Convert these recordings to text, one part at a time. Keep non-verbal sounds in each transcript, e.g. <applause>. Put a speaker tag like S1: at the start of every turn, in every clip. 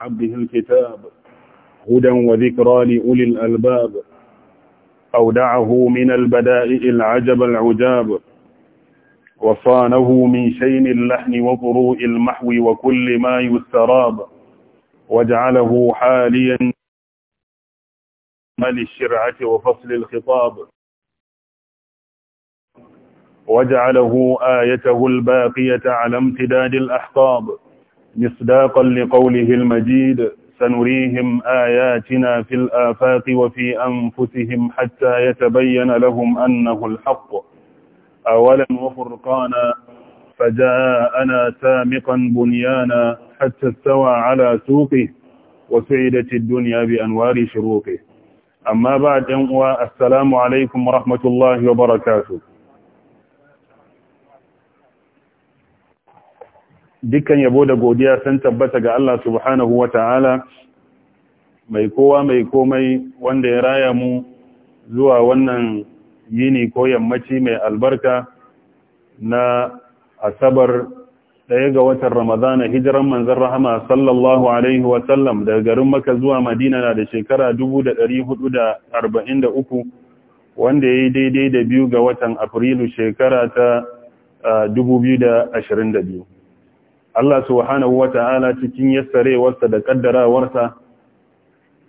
S1: عبده الكتاب هدى وذكرى لأولي الألباب أودعه من البدائع العجب العجاب وصانه من شين اللحن وضروء المحو وكل ما يستراب وجعله حاليا الشرعة وفصل الخطاب وجعله آيته الباقية على امتداد الأحقاب مصداقا لقوله المجيد سنريهم آياتنا في الآفاق وفي أنفسهم حتى يتبين لهم أنه الحق أولا وفرقانا فجاءنا سامقا بنيانا حتى استوى على سوقه وسعدت الدنيا بأنوار شروقه أما بعد السلام عليكم ورحمة الله وبركاته dukkan yabo da godiya san tabbata ga Allah subhanahu wa ta'ala mai kowa mai komai wanda ya raya mu zuwa wannan yini ko yammaci mai albarka na asabar ɗaya ga watan ramadana hijiran manzan rahama sallallahu alaihi wasallam daga garin maka zuwa madina na da shekara 443 wanda ya yi daidai da biyu ga watan afrilu shekara ta 2022 Allah subhanahu wa ta'ala cikin yassarewarsa da kaddarawarsa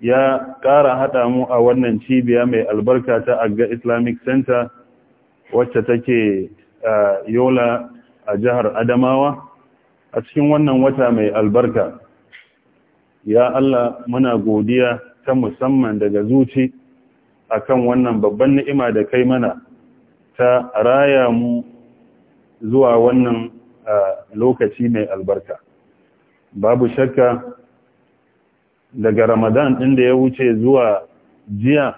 S1: ya ƙara haɗa mu a wannan cibiya mai albarka ta Agga Islamic Center wacce take Yola a jihar Adamawa a cikin wannan wata mai albarka. Ya Allah muna godiya ta musamman daga zuci akan wannan babban ni'ima da kai mana ta raya mu zuwa wannan a lokaci mai albarka babu shakka daga ramadan ɗin da ya wuce zuwa jiya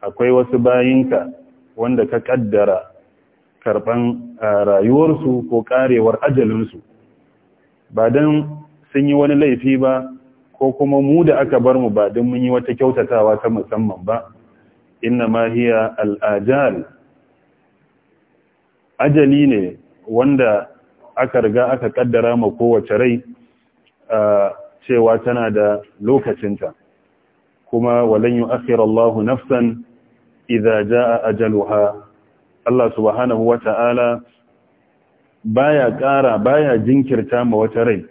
S1: akwai wasu bayinka wanda ka ƙaddara karɓan rayuwarsu ko ƙarewar ajalinsu ba don sun yi wani laifi ba ko kuma mu da aka bar mu ba don mun yi wata kyautatawa ta musamman ba inna mahiya hiya al'ajal ajali ne wanda aka riga aka kaddara ma kowace rai cewa tana da lokacinta kuma walan yu'akhir Allah nafsan idza jaa ajaluha Allah subhanahu wata'ala baya ƙara baya jinkirta ma wata rai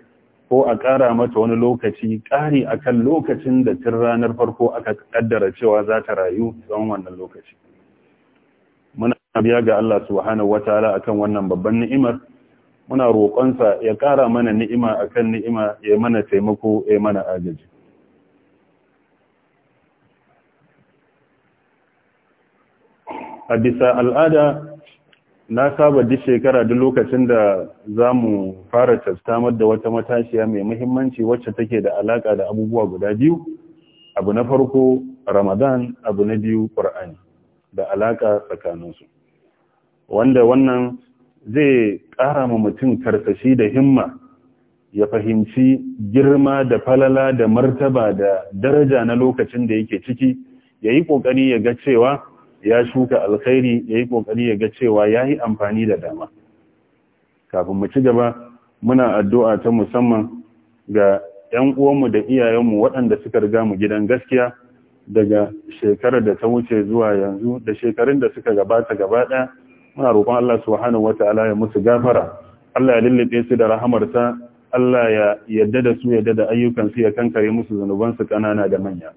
S1: ko a kara mata wani lokaci ƙari akan lokacin da tun ranar farko aka kaddara cewa za ta rayu tsawon wannan lokaci muna biya ga Allah subhanahu wataala akan wannan babban ni'imar muna roƙonsa ya ƙara mana ni'ima akan ni'ima ya mana taimako ya mana agaji a bisa al'ada na saba duk shekara duk lokacin da za mu fara tattamar da wata matashiya mai muhimmanci wacce take da alaƙa da abubuwa guda biyu abu na farko ramadan abu na biyu ƙwar'ani da alaƙa tsakaninsu wanda wannan zai ƙara ma mutum karsashi da himma ya fahimci girma da falala da martaba da daraja na lokacin da yake ciki ya yi ƙoƙari ya ga cewa ya shuka alkhairi ya yi ƙoƙari ya ga cewa ya yi amfani da dama kafin mu ci gaba muna addu'a ta musamman ga ‘yan uwanmu da iyayenmu waɗanda suka riga mu gidan gaskiya daga shekarar da ta wuce zuwa yanzu da shekarun da suka gabata gaba ɗaya muna roƙon Allah subhanahu wataala ya musu gafara Allah ya lullube su da rahamarsa Allah ya yadda da su yadda da su ya kankare musu su kanana da manya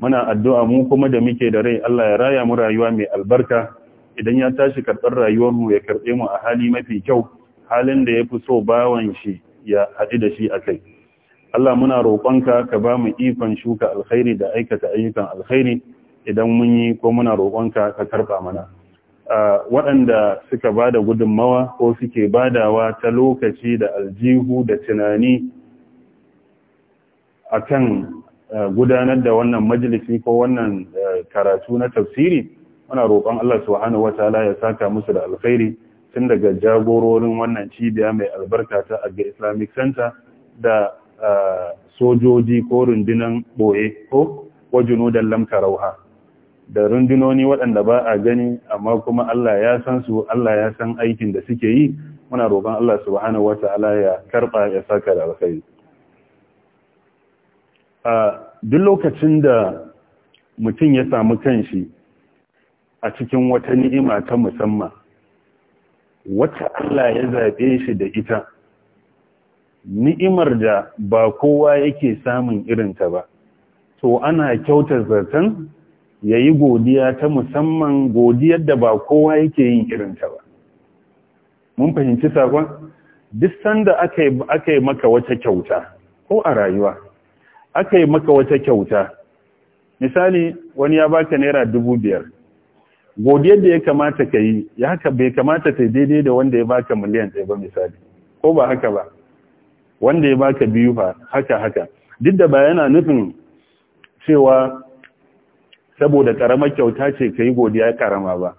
S1: muna addu'a mu kuma da muke da rai Allah ya raya mu rayuwa mai albarka idan ya tashi karɓar rayuwar mu ya karɓe mu a hali mafi kyau halin da ya fi so bawan shi ya haɗu da shi a kai Allah muna roƙonka ka ba mu ikon shuka alkhairi da aikata ayyukan alkhairi idan mun yi ko muna roƙonka ka karɓa mana waɗanda suka ba da gudunmawa ko suke badawa ta lokaci da aljihu da tunani a kan gudanar da wannan majalisi ko wannan karatu na tafsiri muna roƙon Allah subhanahu wataala ya saka musu da alkhairi tun daga jagororin wannan cibiya mai albarka ta Agga Islamic Center da sojoji ko rundunan boye ko wajunudan lamkarauha da rundunoni waɗanda ba a gani amma kuma Allah ya san su Allah ya san aikin da suke yi muna roƙon Allah subhanahu wata'ala ya karɓa ya saka da alkhairi a duk lokacin da mutum ya samu kanshi a cikin wata ni'ima ta musamman wacce Allah ya zaɓe shi da ita ni'imar da ba kowa yake samun irinta ba to ana kyautar zartan ya yi godiya ta musamman godiyar da ba kowa yake yin irinta ba mun fahimci sakon duk sanda aka yi maka wata kyauta ko a rayuwa aka yi maka wata kyauta misali wani ya baka naira dubu biyar godiyar da ya kamata ka yi ya haka bai kamata ta daidai da wanda ya baka miliyan ɗaya ba misali ko ba haka ba wanda ya baka biyu ba haka haka duk da ba yana nufin cewa saboda karamar kyauta ce ka yi godiya karama ba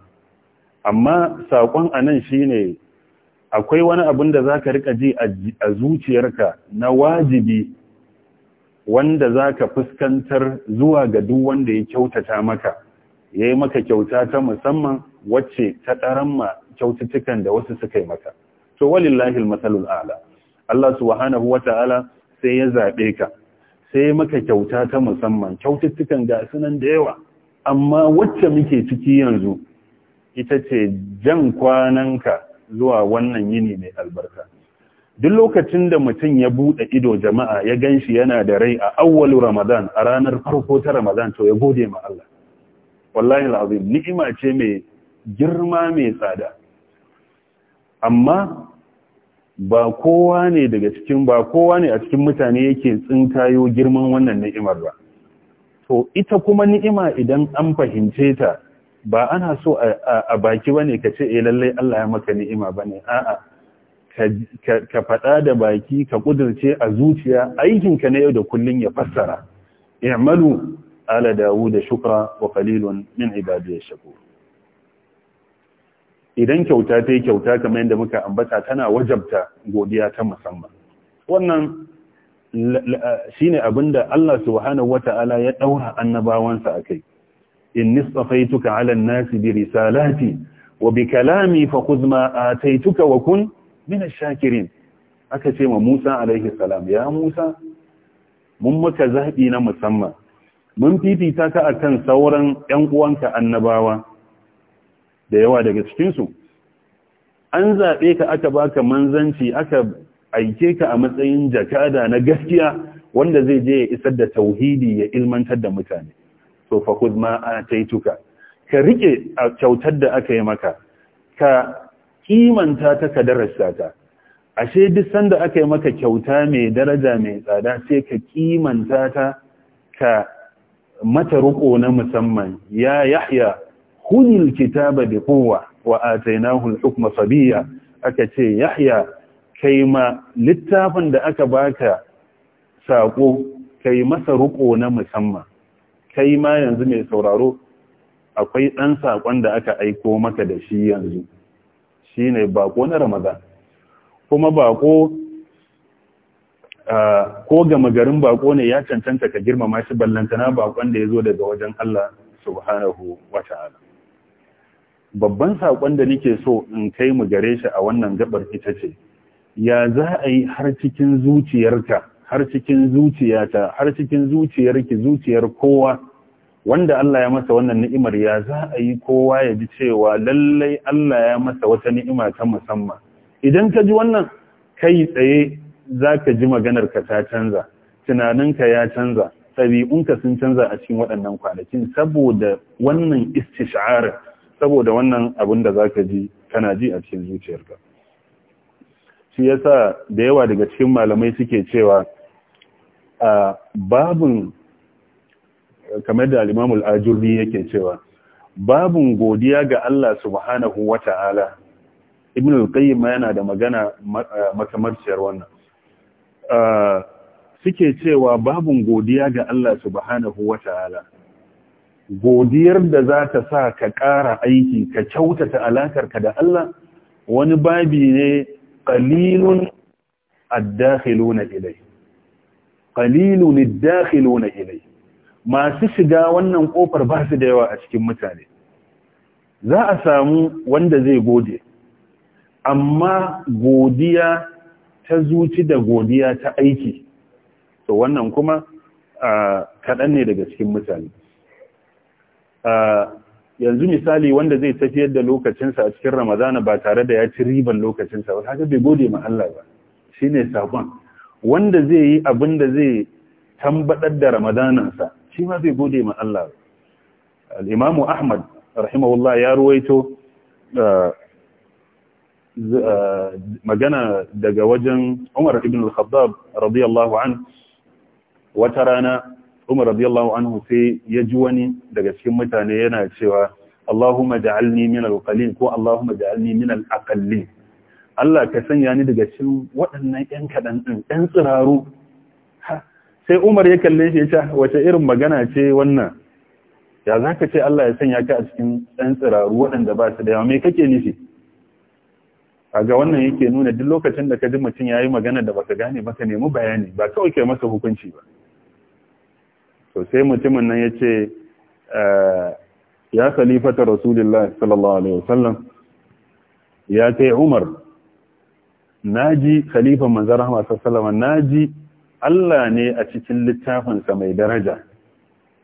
S1: amma saƙon a nan shi akwai wani abin da za ka riƙa ji a zuciyarka na wajibi wanda za ka fuskantar zuwa ga duk wanda ya kyautata maka ya yi maka kyauta ta musamman wacce ta ɗarama kyaututtukan da wasu suka yi maka to walillahi matsalul ala Allah subhanahu wa ta'ala sai ya zaɓe ka sai maka kyauta ta musamman kyaututtukan ga sunan da yawa amma wacce muke ciki yanzu ita ce jan kwananka zuwa wannan yini mai albarka duk lokacin da mutum ya buɗe ido jama'a ya gan shi yana da rai a awwalu ramadan a ranar farko ta ramadan to ya gode ma Allah wallahi alazim ni'ima ce mai girma mai tsada amma ba kowa ne daga cikin ba kowa ne a cikin mutane yake tsintayo girman wannan ni'imar ba to ita kuma ni'ima idan an fahimce ta ba ana so a baki bane ka ce eh lallai Allah ya maka ni'ima bane a'a ka faɗa da baki ka ƙudurce a zuciya aikinka na yau da kullun ya fassara i'malu ala da shukra wa qalilun min ibadiyash shakur idan kyauta ta yi kyauta kamar yadda muka ambata tana wajabta godiya ta musamman wannan shine abinda Allah subhanahu wata'ala ya ɗaura annabawansa akai in nistafaituka 'ala an-nasi bi risalati wa bi kalami fa khudh ma ataituka wa kun min shakirin aka ce ma Musa alaihi salam ya Musa mun maka zabi na musamman mun fifita ka akan sauran 'yan uwanka annabawa da yawa daga cikinsu an zaɓe ka aka baka manzanci aka aike ka a matsayin jakada na gaskiya wanda zai je ya isar da tauhidi ya ilmantar da mutane so fa khudh ma ataituka ka rike kyautar da aka yi maka ka kimanta ta ka darasa ta ashe duk sanda aka yi maka kyauta mai daraja mai tsada sai ka kimanta ta ka mata ruko na musamman ya yahya khudil kitaba bi quwwa wa atainahu al-hukma sabiyya aka ce yahya kai ma littafin da aka baka sako kai masa ruko na musamman kai ma yanzu mai sauraro akwai ɗan saƙon da aka aiko maka da shi yanzu shi ne baƙo na ramadan kuma baƙo ko gama garin baƙo ne ya cancanta ka girmama shi ballantana baƙon da ya zo daga wajen Allah subhanahu wata'ala babban saƙon da nake so in kai mu gare shi a wannan gabar ita ce ya za a yi har cikin zuciyarka har cikin zuciyata har cikin zuciyarki zuciyar kowa wanda Allah ya masa wannan ni'imar ya za a yi kowa ya ji cewa lallai Allah ya masa wata ni'ima ta musamman idan ka ji wannan kai tsaye za ka ji maganar ka ta canza tunaninka ya canza ɗabi'unka sun canza a cikin waɗannan kwanakin saboda wannan istishara saboda wannan abin da za ka ji kana ji a cikin zuciyarka shi sa da yawa daga cikin malamai suke cewa a kama kamar da alimamul imamul yake cewa babin godiya ga Allah subhanahu wata'ala Ibn al-Qayyim yana da magana makamarciyar wannan suke cewa babin godiya ga Allah subhanahu ta'ala. godiyar da za ta sa ka ƙara aiki ka kyautata alakarka da Allah wani babi ne qalilun ad-dakhiluna ilai qalilun ad-dakhiluna ilai masu shiga wannan ƙofar ba su da yawa a cikin mutane za a samu wanda zai gode amma godiya ta zuci da godiya ta aiki to wannan kuma kaɗan ne daga cikin mutane yanzu misali wanda zai tafiyar da lokacinsa a cikin ramadana ba tare da ya ci riban lokacinsa ba haka bai gode ma Allah ba Shi ne sabon wanda zai yi abin da zai tambadar da ramadanansa shi ma bai gode ma Allah ba al'imamu Ahmad rahimahullah ya ruwaito magana daga wajen Umar ibn al-Khattab radiyallahu an wata rana Umar radiyallahu anhu sai ya ji wani daga cikin mutane yana cewa Allahumma ja'alni min al-qalil ko Allahumma ja'alni min al-aqallin Allah ka sanya ni daga cikin waɗannan ƴan kadan ɗin ƴan tsiraru sai Umar ya kalle shi ya ce wace irin magana ce wannan ya zaka ce Allah ya sanya ka a cikin ɗan tsiraru waɗanda ba su da yawa me kake nufi ga wannan yake nuna duk lokacin da ka ji mutum ya yi magana da baka gane baka nemi bayani ba kawai kai masa hukunci ba to sai mutumin nan ya ce eh, ya khalifata rasulullah sallallahu alaihi wasallam ya kai umar naji Khalifar mazara rahama sallallahu alaihi naji Allah ne a cikin littafinsa mai daraja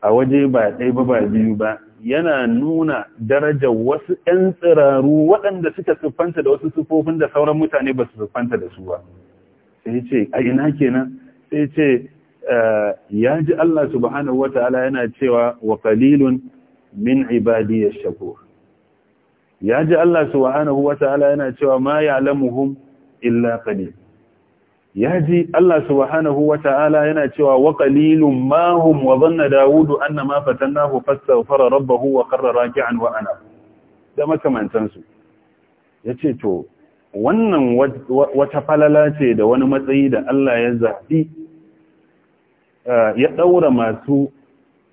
S1: a waje ba ɗaya ba biyu ba yana nuna daraja wasu ‘yan tsiraru waɗanda suka siffanta da wasu siffofin da sauran mutane ba su siffanta da su ba. Sai ce, a ina kenan? Sai ce, Eh, ya ji Allah subhanahu ta'ala yana cewa wa qalilun min ibadiyash shakur ya ji Allah subhanahu ta'ala yana cewa ma ya'lamuhum illa qalil ya ji Allah subhanahu ta'ala yana cewa wa mahum wa dhanna daudu anna fatannahu fastaghfara rabbahu wa qarra raki'an wa ana da makamantan yace to wannan wata falala ce da wani matsayi da Allah ya zaɓi? Eh, ya daura masu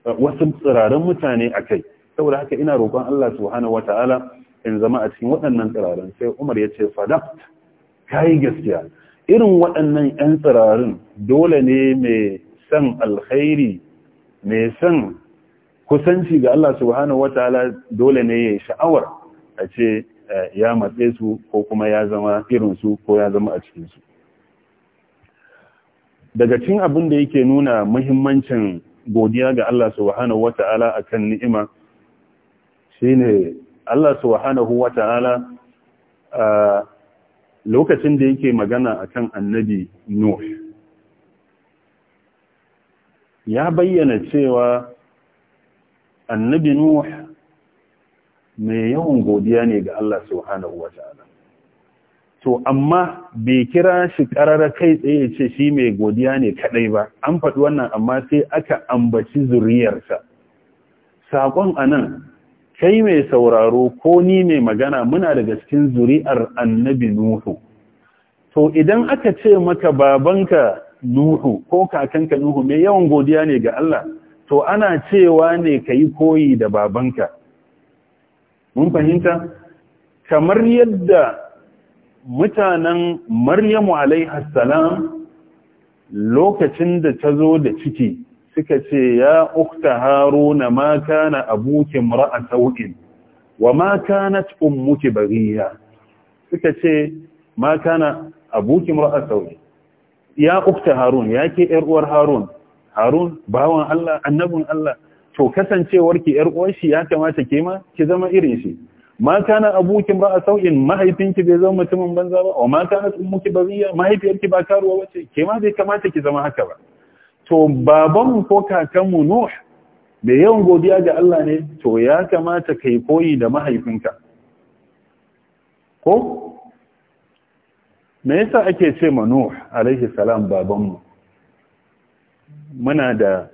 S1: eh, wasu tsirarin mutane a kai saboda haka ina roƙon Allah subhanahu wataala in zama a cikin waɗannan tsirarin sai Umar ya ce ka kai gaskiya irin waɗannan 'yan tsirarin dole ne mai san alkhairi mai san kusanci ga Allah subhanahu wataala dole ne ya sha'awar a ce eh, ya matse su ko kuma ya zama irin su ko ya zama a cikinsu daga cin abin da yake nuna muhimmancin godiya ga Allah subhanahu wata'ala akan ni'ima shi ne Allah subhanahu wata'ala lokacin da yake magana akan annabi Nuh ya bayyana cewa annabi Nuh mai yawan godiya ne ga Allah subhanahu wata'ala to amma bai kira shi ƙarara kai tsaye ce shi mai godiya ne kaɗai ba an faɗi wannan amma sai aka ambaci zuriyarsa saƙon a nan kai mai sauraro ko ni mai magana muna daga cikin zuri'ar annabi nuhu to idan aka ce maka babanka nuhu ko kakanka nuhu mai yawan godiya ne ga Allah to ana cewa ne ka yi koyi da babanka mun fahimta kamar yadda mutanen Maryamu alaiha lokacin da ta zo da ciki suka ce ya ukta haruna ma kana abuki mar'a sau'in wa ma kanat ummuki bariya. suka ce ma kana abuki mar'a sau'in ya ukta harun ya ke yar uwar harun harun bawan Allah annabin Allah to kasancewarki yar uwar shi ya kamata ke ma ki zama irin shi ma kana abuki a sau'in mahaifinki bai zama mutumin banza ba wa ma kana ba baziya mahaifiyarki ba karuwa wace ke ma bai kamata ki zama haka ba to baban ko kakanmu nuh da yawan godiya ga Allah ne to ya kamata ka yi koyi da mahaifinka ko me yasa ake ce ma nuh alaihi salam babanmu muna da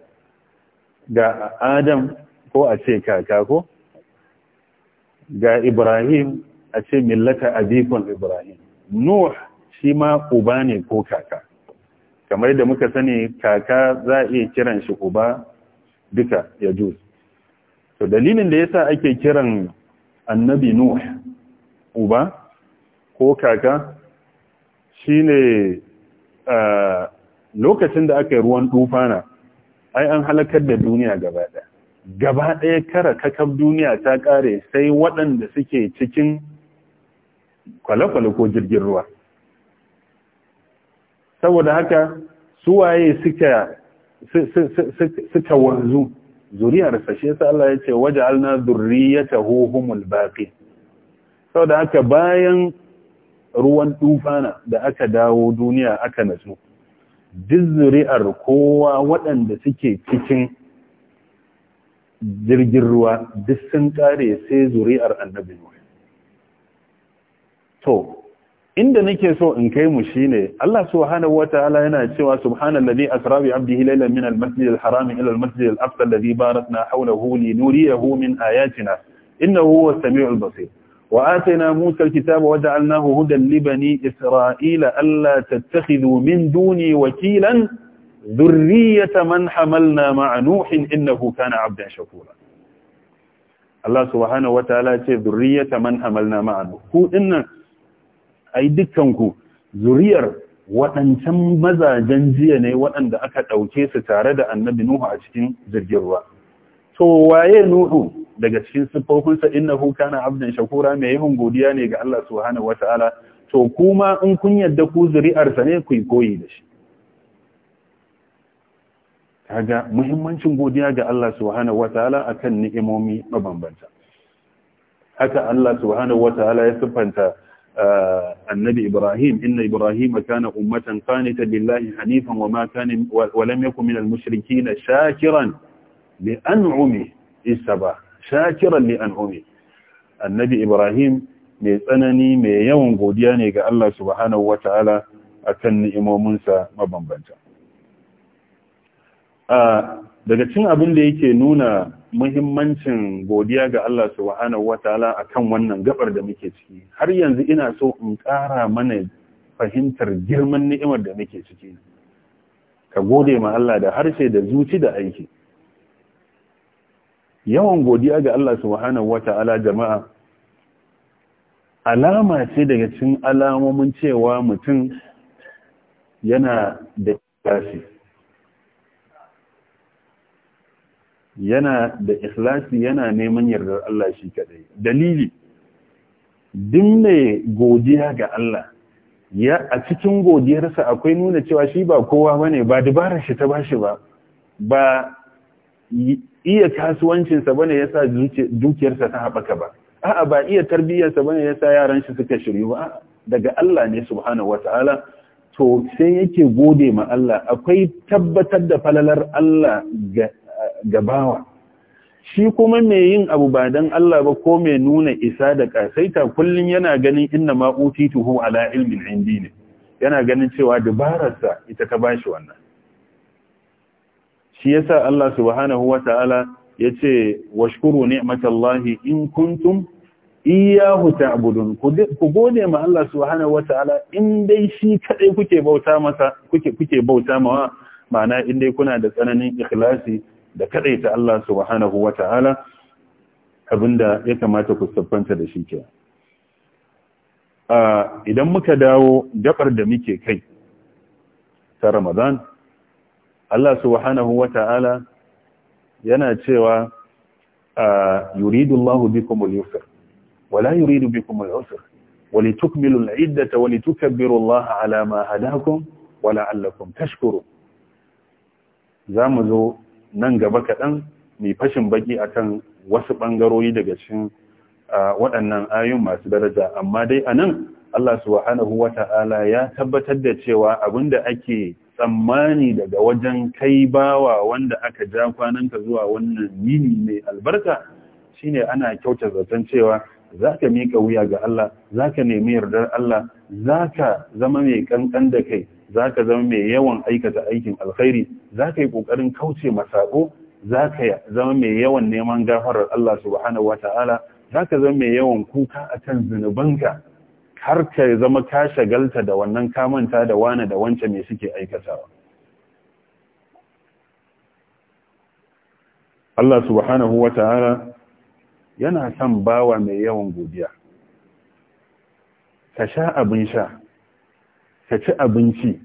S1: ga adam ko a ce kaka ko ga Ibrahim a ce millata abikon Ibrahim. Nuh shi ma uba ne ko kaka. Kamar da muka sani kaka za a iya kiran shi uba duka ya juz. To dalilin da yasa ake kiran annabi Nuh uba ko kaka shi shine lokacin da aka yi ruwan tufana ai an halakar da duniya gaba ɗaya. gaba ɗaya kara kakar duniya ta ƙare sai waɗanda suke cikin kwale-kwale ko jirgin ruwa saboda haka suwaye suka wanzu zuriyar shi yasa Allah ya ce waje waja'alna ta humul baqi saboda haka bayan ruwan ɗufana da aka dawo duniya aka nasu duk zuri'ar kowa waɗanda suke cikin jirgin ruwa duk sun kare sai zuri'ar annabi nuhu to inda nake so in kai mu shine Allah subhanahu wataala yana cewa subhanallazi asra bi abdihi laylan min al-masjid al-haram ila al-masjid al-aqsa alladhi barakna hawlahu linuriyahu min ayatina innahu huwa as basir wa atayna Musa al-kitaba wa ja'alnahu hudan li bani Isra'ila alla tattakhidhu min duni wakilan zurriyata man hamalna ma'a nuhin innahu kana abdan shakura Allah subhanahu wataala ce zurriyata man hamalna ma'a ku dinnan ai dukkanku, zuriyar waɗancan mazajen jiya ne waɗanda aka ɗauke su tare da annabi Nuhu a cikin jirgin ruwa. To waye Nuhu daga cikin siffofinsa innahu kana abdan shakura mai yawan godiya ne ga Allah subhanahu wata'ala to kuma in kun yadda ku zuri'arsa ne ku koyi da shi. kaga muhimmancin godiya ga Allah subhanahu wataala akan ni'imomi mabambanta haka Allah subhanahu wataala ya siffanta uh, annabi Ibrahim inna Ibrahim kana ummatan qanitan lillahi hanifan wama kana wa lam yakun minal mushrikeen shakiran li an'umi isaba shakiran li an'umi annabi Ibrahim mai tsanani mai yawan godiya ne ga Allah subhanahu wataala akan ni'imominsa mabambanta daga cin abin da yake nuna muhimmancin godiya ga Allah subhanahu a akan wannan gabar da muke ciki har yanzu ina so in ƙara mana fahimtar girman ni'imar da muke ciki ka gode ma Allah da harshe da zuci da aiki yawan godiya ga Allah subhanahu ta'ala jama'a alama ce daga cin alamomin cewa mutum yana da kasi yana da ikhlasi yana neman yardar Allah shi kadai dalili din ne godiya ga Allah ya a cikin godiyarsa akwai nuna cewa shi ba kowa bane ba dabarar shi ta bashi ba ba iya kasuwancinsa bane yasa dukiyarsa ta haɓaka ba a'a ba iya tarbiyyarsa bane yasa yaran shi suka shiryu ba daga Allah ne subhanahu wataala to sai yake gode ma Allah akwai tabbatar da falalar Allah ga gabawa shi kuma mai yin abu ba dan Allah ba ko mai nuna isa da kasaita kullum yana ganin inna ma tuhu ala ilmin indi ne yana ganin cewa dubararsa ita ta bashi wannan shi yasa Allah subhanahu wataala yace washkuru ni'matallahi in kuntum iyahu ta'budun ku gode ma Allah subhanahu wataala in dai shi kadai kuke bauta masa kuke kuke bauta mawa ma'ana in dai kuna da tsananin ikhlasi da kadaita Allah subhanahu wa ta'ala abinda ya kamata ku siffanta da shi ke. Idan muka dawo dabar da muke kai ta Ramadan, Allah subhanahu wa ta'ala yana cewa yuridu Allahu bikum al-yusr wala yuridu bikum al-usr ولتكملوا العدة ولتكبروا الله على ما هداكم ولعلكم تشكرون zamu zo nan gaba kaɗan mai fashin baki akan wasu ɓangarori daga cikin waɗannan ayun masu daraja amma dai a nan Allah subhanahu wa ta'ala ya tabbatar da cewa abin da ake tsammani daga wajen kai bawa wanda aka ja kwananka zuwa wannan yini mai albarka shine ana kyauta zaton cewa za ka miƙa wuya ga Allah za ka nemi yardar Allah za ka zama mai ƙanƙan da kai za ka zama mai yawan aikata aikin alkhairi za ka yi ƙoƙarin kauce masako za ka zama mai yawan neman gafarar Allah subhanahu wa ta'ala za ka zama mai yawan kuka a kan zunubanka har ka zama ka shagalta da wannan kamanta da wane da wance mai suke aikatawa. Allah subhanahu wa ta'ala yana son bawa mai yawan godiya. Ka sha abin sha, ka ci abinci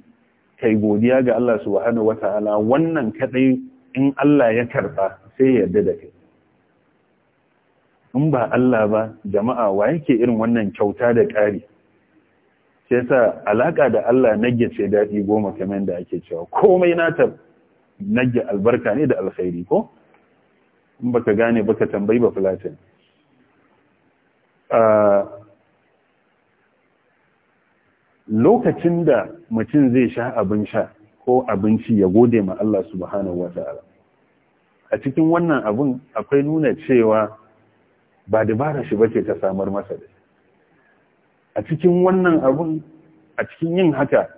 S1: kai godiya ga Allah subhanahu wata'ala wannan kadai in Allah ya karba sai yarda da kai in ba Allah ba jama'a wa yake irin wannan kyauta da ƙari sai sa alaka da Allah nage ce daɗi goma kamar da ake cewa komai na ta nage albarka ne da alkhairi ko in baka gane baka tambayi ba fulatin ah, lokacin da mutum zai sha abin sha ko abinci ya gode ma Allah subhanahu wata'ala a cikin wannan abin akwai nuna cewa ba dabara shi bace ta samar masa da a cikin wannan abin a cikin yin haka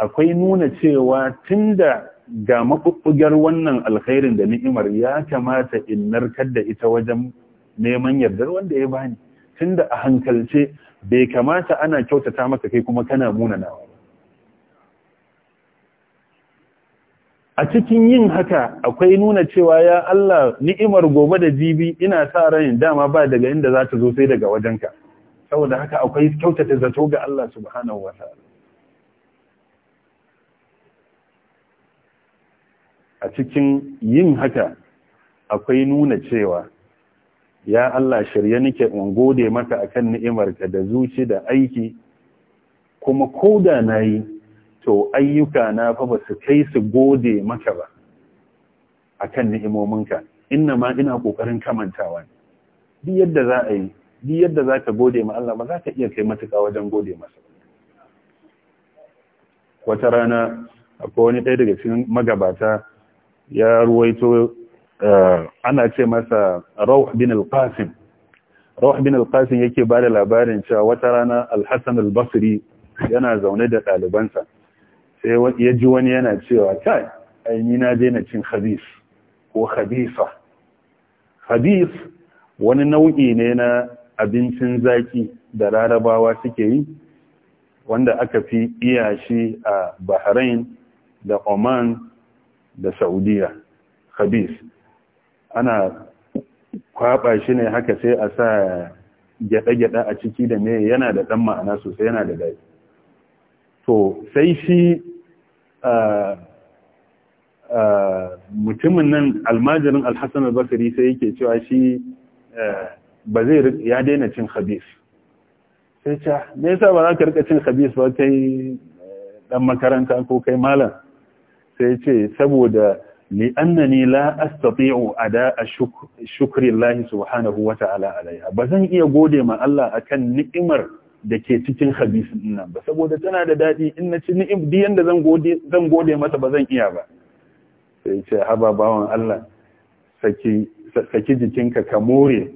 S1: akwai nuna cewa tunda ga maɓuɓɓugar wannan alkhairin da ni'imar ya kamata in narkar da ita wajen neman yardar wanda ya bani tunda a hankalce bai kamata ana kyautata maka kai kuma kana munanawa a cikin yin haka akwai nuna cewa ya Allah ni'imar gobe da jibi ina sa ran dama ba daga inda za ta zo sai daga wajenka saboda haka akwai kyautata zato ga Allah subhanahu wataala a cikin yin haka akwai nuna cewa ya Allah shirye nike in gode maka akan ni'imarka da zuci da aiki kuma koda nayi to ayyuka na fa ba su kai su gode maka ba akan ni'imominka inna ma ina kokarin kamantawa ne duk yadda za a yi duk yadda za ka gode ma Allah ba za ka iya kai matuƙa wajen gode masa wata rana akwai wani ɗaya daga cikin magabata ya ruwaito Eh, ana ce masa Rauh bin al-Qasim Rauh bin al-Qasim yake ba da labarin cewa wata rana Al-Hassan al-Basri yana zaune da ɗalibansa sai ya ji wani yana cewa kai ai ni na daina cin khabis ko khabisa khabis wani nau'i ne na abincin zaki da larabawa suke yi wanda aka fi iya shi a Bahrain da Oman da Saudiya khabis ana kwaɓa shi ne haka sai a sa gyada-gyada a ciki da me yana da ɗan ma'ana sosai yana da daji to sai shi mutumin nan almajirin alhassan al sai yake cewa shi ba zai ya daina cin habis sai ca me yasa ba za ka rika cin habis ba kai dan eh, makaranta ko kai malam sai ce saboda li'annani la a da shukri Allah subhanahu wa ta'ala alaiha ba zan iya gode ma Allah akan ni'imar da ke cikin khabis nan ba saboda tana da dadi in na ci ni'im di yanda zan gode zan gode masa ba zan iya ba sai ce haba bawan Allah saki saki jikinka ka more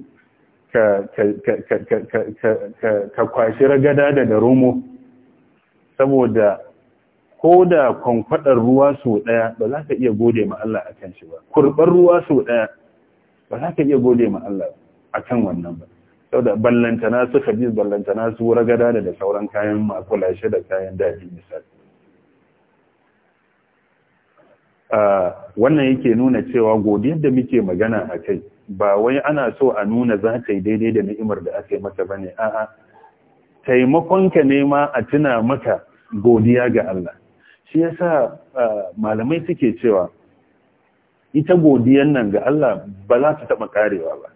S1: ka ka ka ka ka ka kwashi ragada daga romo saboda ko da kwankwadar ruwa sau ɗaya ba za ka iya gode ma Allah a kan shi ba kurɓar ruwa sau ɗaya ba za ka iya gode ma Allah a kan wannan ba da ballantana su hadis ballantana su ragada da da sauran kayan makulashe da kayan daji misali wannan yake nuna cewa godiyar da muke magana a kai ba wai ana so a nuna za ka yi daidai da ni'imar da aka yi mata ba ne a'a taimakonka ne ma a tuna maka godiya ga Allah shi yasa malamai suke cewa ita godiyan nan ga Allah ba za ta taɓa karewa ba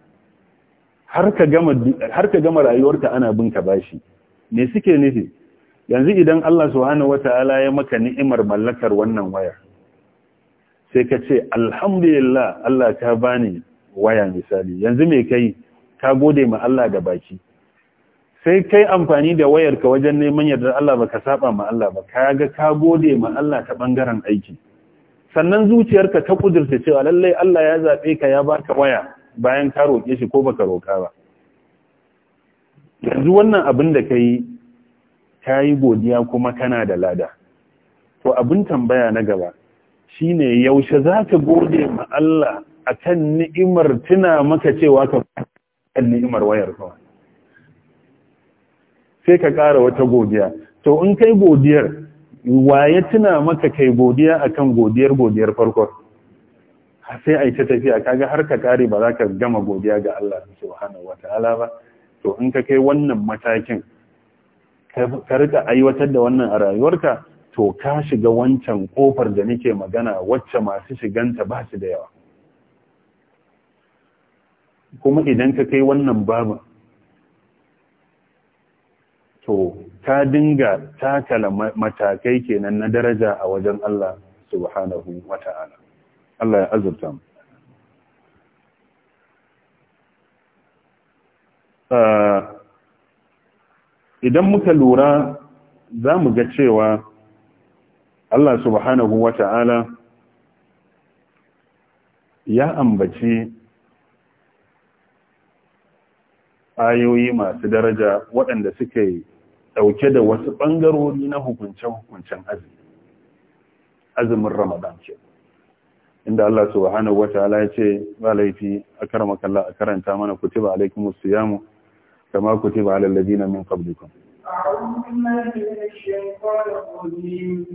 S1: har ka gama rayuwarka ana bin binka bashi me suke nufi yanzu idan Allah subhanahu wataala ya maka ni'imar mallakar wannan waya sai ka ce alhamdulillah Allah ta bani waya misali yanzu me kai ka gode ma Allah da baki sai kai amfani da wayarka wajen neman yardar Allah ba ka saba ma Allah ba ka ga ka gode ma Allah ta bangaren aiki sannan zuciyarka ta kudurta cewa lallai Allah ya zabe ka ya baka waya bayan ka roke shi ko baka roka ba yanzu wannan abin da kai kai godiya kuma kana da lada to abin tambaya na gaba shine yaushe za ka gode ma Allah akan ni'imar tuna maka cewa ka ni'imar wayar kawai sai ka ƙara wata godiya to in kai godiyar wa ya tuna maka kai godiya akan godiyar godiyar farko sai a yi ta tafiya kaga har ka kare ba za ka gama godiya ga Allah su subhanahu wataala ba to in ka kai wannan matakin ka rika aiwatar da wannan a rayuwarka to ka shiga wancan kofar da nake magana wacce masu shiganta ba su da yawa kuma idan ka kai wannan babu to ka dinga takala matakai kenan na daraja a wajen Allah subhanahu wata'ala Allah ya azurta mu ah, idan muka lura za mu ga cewa Allah subhanahu wata'ala ya ambaci ayoyi masu daraja waɗanda suke ɗauke da wasu ɓangarori na hukuncen hukuncen azumi azumin ramadan ce inda Allah subhanahu wataala ya ce ba laifi a karama kalla a karanta mana kutiba alaikum siyamu kama kutiba alal na min qablikum
S2: a'udhu billahi minash shaitanir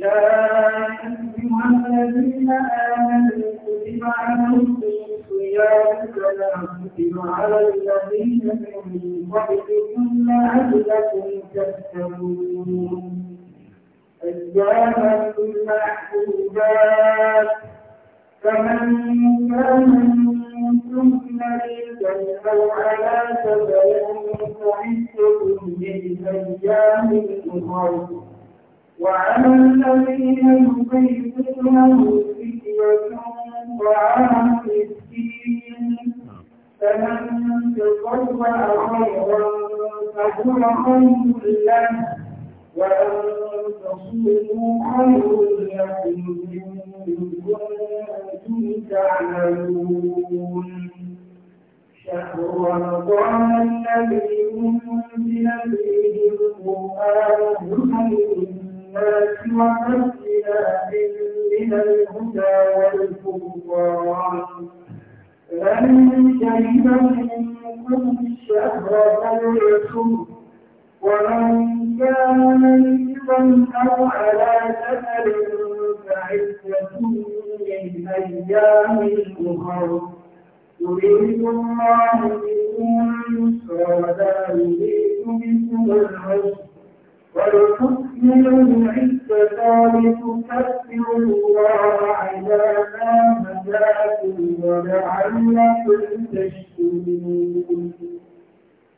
S2: يا أيها الذين آمنوا كتب عليكم الصيام كما على الذين من قبلكم لعلكم تتقون أياما محسوبات فمن كان منكم مريضا أو على سفر فعدة أيام أخرى وعلى الذين يطيقونه فدية طعام مسكين فمن تطوع خيرا فهو له وأن تصوموا خير لكم إن كنتم تعلمون شهر رمضان الذي أنزل فيه القرآن هدى للناس ومسجنات من الهدى والفرقان لمن شهد منكم الشهر فليصم ومن كان مريضا او على سفر فعزة من ايام اخر يريد الله بكم اليسر ولا يريد بكم العسر ولتكملوا العزة ولتكبروا الله على ما هداكم ولعلكم تشكرون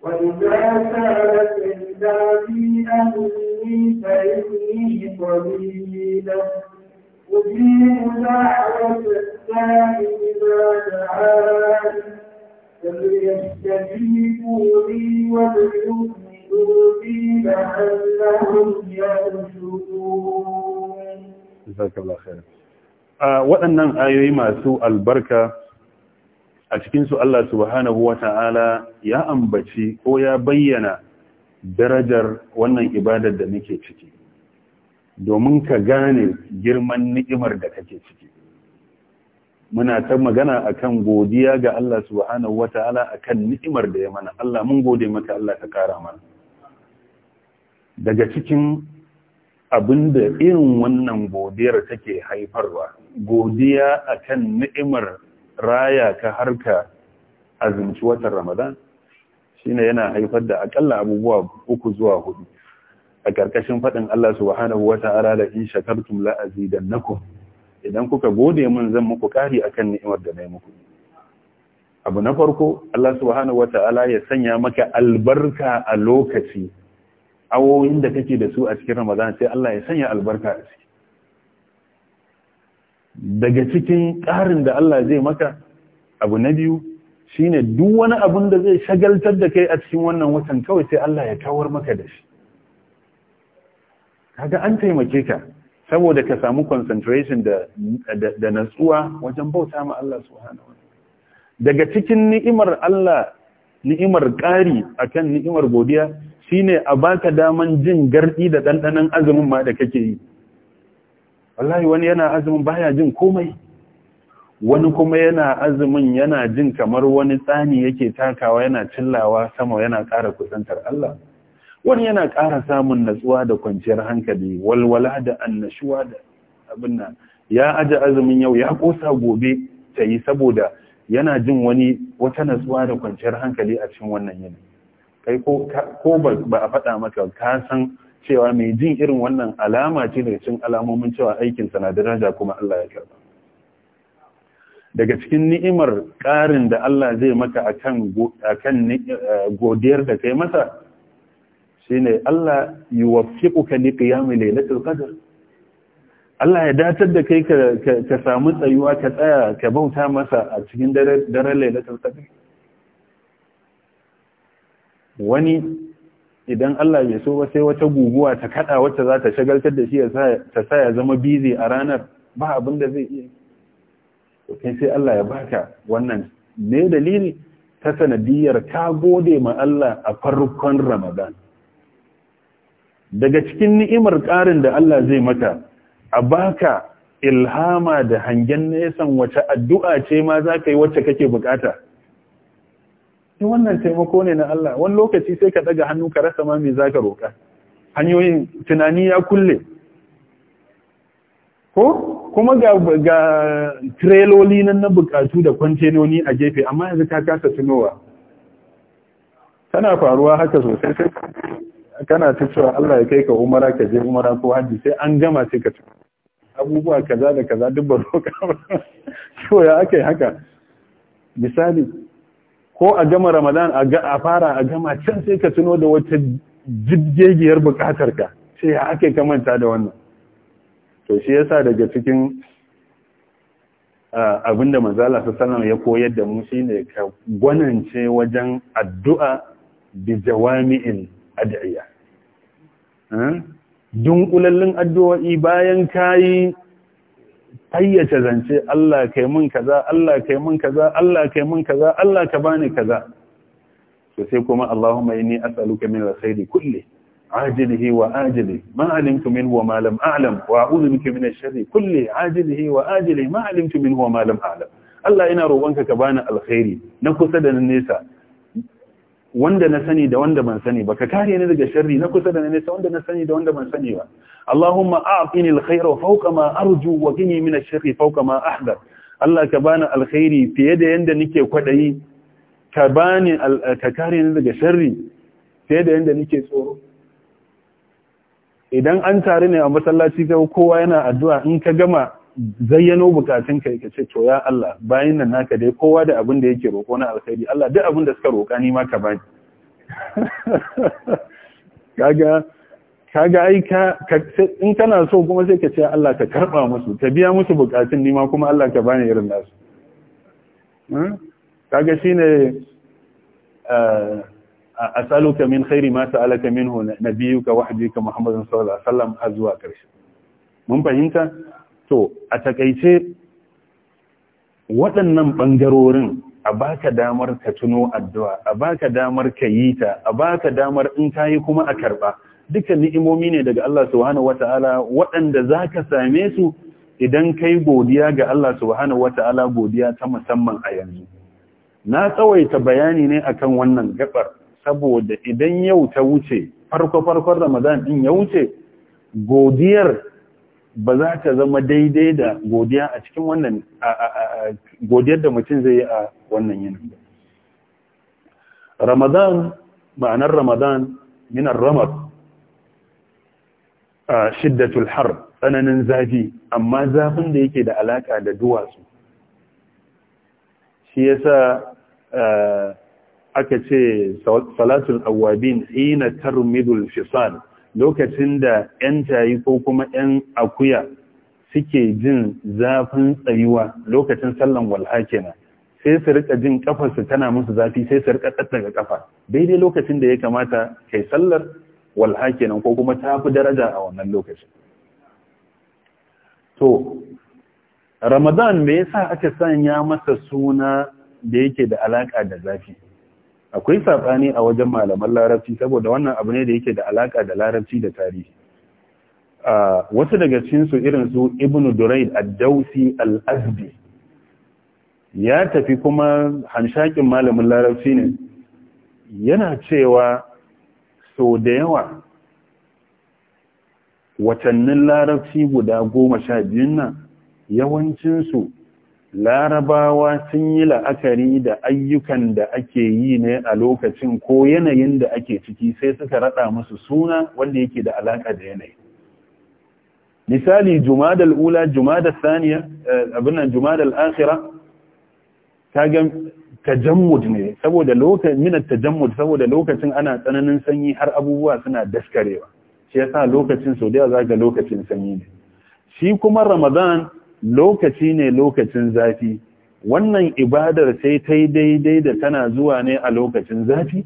S2: وإذا سألت عبادي أني فإني قليلا أجيب دعوة الله إذا دعاني فليستجيبوا لي وليؤمنوا
S1: waɗannan ayoyi masu albarka a cikinsu Allah subhanahu wa ta'ala ya ambaci ko ya bayyana darajar wannan ibadar da nake ciki domin ka gane girman ni'imar da kake ciki muna ta magana akan godiya ga Allah subhanahu wa ta'ala akan ni'imar da ya mana Allah mun gode maka Allah ka kara mana daga cikin abin da irin wannan godiyar take haifarwa godiya akan ni'imar raya ka harka azumci watan ramadan shine yana haifar da akalla abubuwa uku zuwa hudu a ƙarƙashin faɗin Allah subhanahu wa ta'ala da in shakartum la azidannakum idan kuka gode mun zan muku ƙari akan ni'imar da na yi muku abu na farko Allah subhanahu wa ta'ala ya sanya maka albarka a lokaci awoyin da kake da su a cikin ramadan sai Allah ya sanya albarka a ciki daga cikin ƙarin da Allah zai maka abu na biyu shine duk wani abun da zai shagaltar da kai a cikin wannan watan kawai sai Allah ya kawar maka da shi kaga an taimake ka saboda ka samu concentration da da natsuwa wajen bauta ma Allah subhanahu daga cikin ni'imar Allah ni'imar ƙari akan ni'imar godiya shine a baka daman jin gardi da ɗanɗanon azumin ma da kake yi wallahi wani yana azumin baya jin komai wani kuma yana azumin yana jin kamar wani tsani yake takawa yana cillawa sama yana ƙara kusantar Allah wani yana ƙara samun natsuwa da kwanciyar hankali walwala da annashuwa da abin nan ya aje azumin yau ya ƙosa gobe ta yi saboda yana jin wani wata natsuwa da kwanciyar hankali a cikin wannan yanayi kai ko ba a faɗa maka ka san cewa mai jin irin wannan alama ce daga cikin alamomin cewa aikinsa na daraja kuma Allah ya karba daga cikin ni'imar ƙarin da Allah zai maka akan akan eh, godiyar da kai masa shine Allah yuwaffiquka li qiyami lailatul qadr Allah ya datar da kai ka samu tsayuwa ka tsaya ka bauta masa a cikin daren lailatul qadr wani idan Allah bai so ba sai wata guguwa ta kada wacce za ta shagaltar da shi ta sa ya zama bizi a ranar ba abin da zai iya to kai sai Allah ya baka wannan ne dalili ta sanadiyar ka gode ma Allah a farkon Ramadan daga cikin ni'imar ƙarin da Allah zai mata, a baka ilhama da hangen nesan wace addu'a ce ma za ka yi wacce kake bukata in wannan taimako ne na Allah wani lokaci sai ka daga hannu ka rasa ma me zaka roƙa hanyoyin tunani ya kulle ko kuma ga ga treloli nan na bukatu da kwantenoni a gefe amma yanzu ta kasa tunowa tana faruwa haka sosai sai kana ta cewa Allah ya kai ka umara ka je umara ko Haji sai an gama sai ka abubuwa kaza da kaza duk roƙa ba <laughs> So ya aka haka misali ko a gama ramadan a fara a gama can sai ka tuno da wata bukatar ka sai ya ake kamanta da wannan to shi yasa daga cikin abinda manzala su sanar ya koyar da mu ne ka gwanance wajen addu'a bi jawami'in addu'a. Hmm? dunkulallin addu'o'i bayan kayi Ayyace zance Allah kai mun kaza Allah kai mun kaza Allah kai mun kaza Allah ka bani kaza to sai kuma Allahumma inni as'aluka min alkhairi kulli ajilihi wa ajili ma alimtu minhu wa ma lam a'lam wa a'udhu bika min ash-sharri kulli ajilihi wa ajili ma alimtu minhu wa ma lam a'lam Allah ina roƙonka ka bani alkhairi na kusa da na nesa wanda na sani da wanda ban sani ba ka kare ni daga sharri na kusa da na nesa wanda na sani da wanda ban sani ba Allahumma a'tini alkhayra fawqa ma arju wa qini min ash-sharri fawqa ma ahdar Allah ka bani alkhairi fiye da yanda nake kwadayi ka bani ka kare ni daga sharri fiye da yanda nake tsoro idan an tare ne a masallaci ga kowa yana addu'a in ka gama zayyano bukatun ka ka ce to ya Allah bayan nan naka dai kowa da abin da yake roƙo na alkhairi Allah duk abin da suka roƙa ni ma ka bani <laughs> kaga kaga ai ka in kana so kuma sai ka ce Allah ka karba musu ka biya musu bukatun ni ma kuma Allah ka bani irin nasu hmm? kaga shine eh, asaluka min khairi ma sa'alaka minhu nabiyuka wahdika muhammadun sallallahu alaihi wasallam azwa karshe mun fahimta to a takaice waɗannan ɓangarorin a baka damar ka tuno addu'a a baka damar ka yi ta a baka damar in ka yi kuma a karɓa duka ni'imomi ne daga Allah subhanahu wata'ala waɗanda za ka same su idan ka yi godiya ga Allah subhanahu wata'ala godiya ta musamman a yanzu na tsawaita bayani ne akan wannan gabar saboda idan yau ta wuce farko farkon Ramadan din ya wuce godiyar ba za ta zama daidai da godiya a cikin wannan godiyar da mutum zai yi a wannan yanayi ramadan ma'anar ramadan minar ramad shiddatul har tsananin zafi amma zafin da yake da alaka da duwatsu shi ya sa aka ce salatul awabin hina tarmidul fisal lokacin da ‘yan tayi ko kuma ‘yan akuya suke jin zafin tsayuwa lokacin sallan walha kenan sai su rika jin kafarsu tana musu zafi sai su rika tattaga kafa daidai lokacin da ya kamata kai sallar walha kenan ko kuma ta fi daraja a wannan lokacin to ramadan me yasa aka sanya masa suna da yake da alaƙa da zafi akwai saɓani a wajen malaman larabci saboda wannan abu ne da yake da alaƙa da larabci da tarihi wasu daga cinsu irin su ibn duraid ad-dausi al-azdi ya tafi kuma hanshakin malamin larabci ne yana cewa sau da yawa watannin larabci guda goma sha biyun nan yawancinsu larabawa sun yi la'akari da ayyukan da ake yi ne a lokacin ko yanayin da ake ciki sai suka rada musu suna wanda yake da alaka da yanayi misali jumadal ula jumadal saniya eh, abin nan jumadal akhira ga tajammud ne saboda lokacin min tajammud saboda lokacin ana tsananin sanyi har abubuwa suna daskarewa shi yasa lokacin sau da zaga lokacin sanyi ne shi kuma ramadan lokaci ne lokacin zafi wannan ibadar sai ta yi daidai da tana zuwa ne a lokacin zafi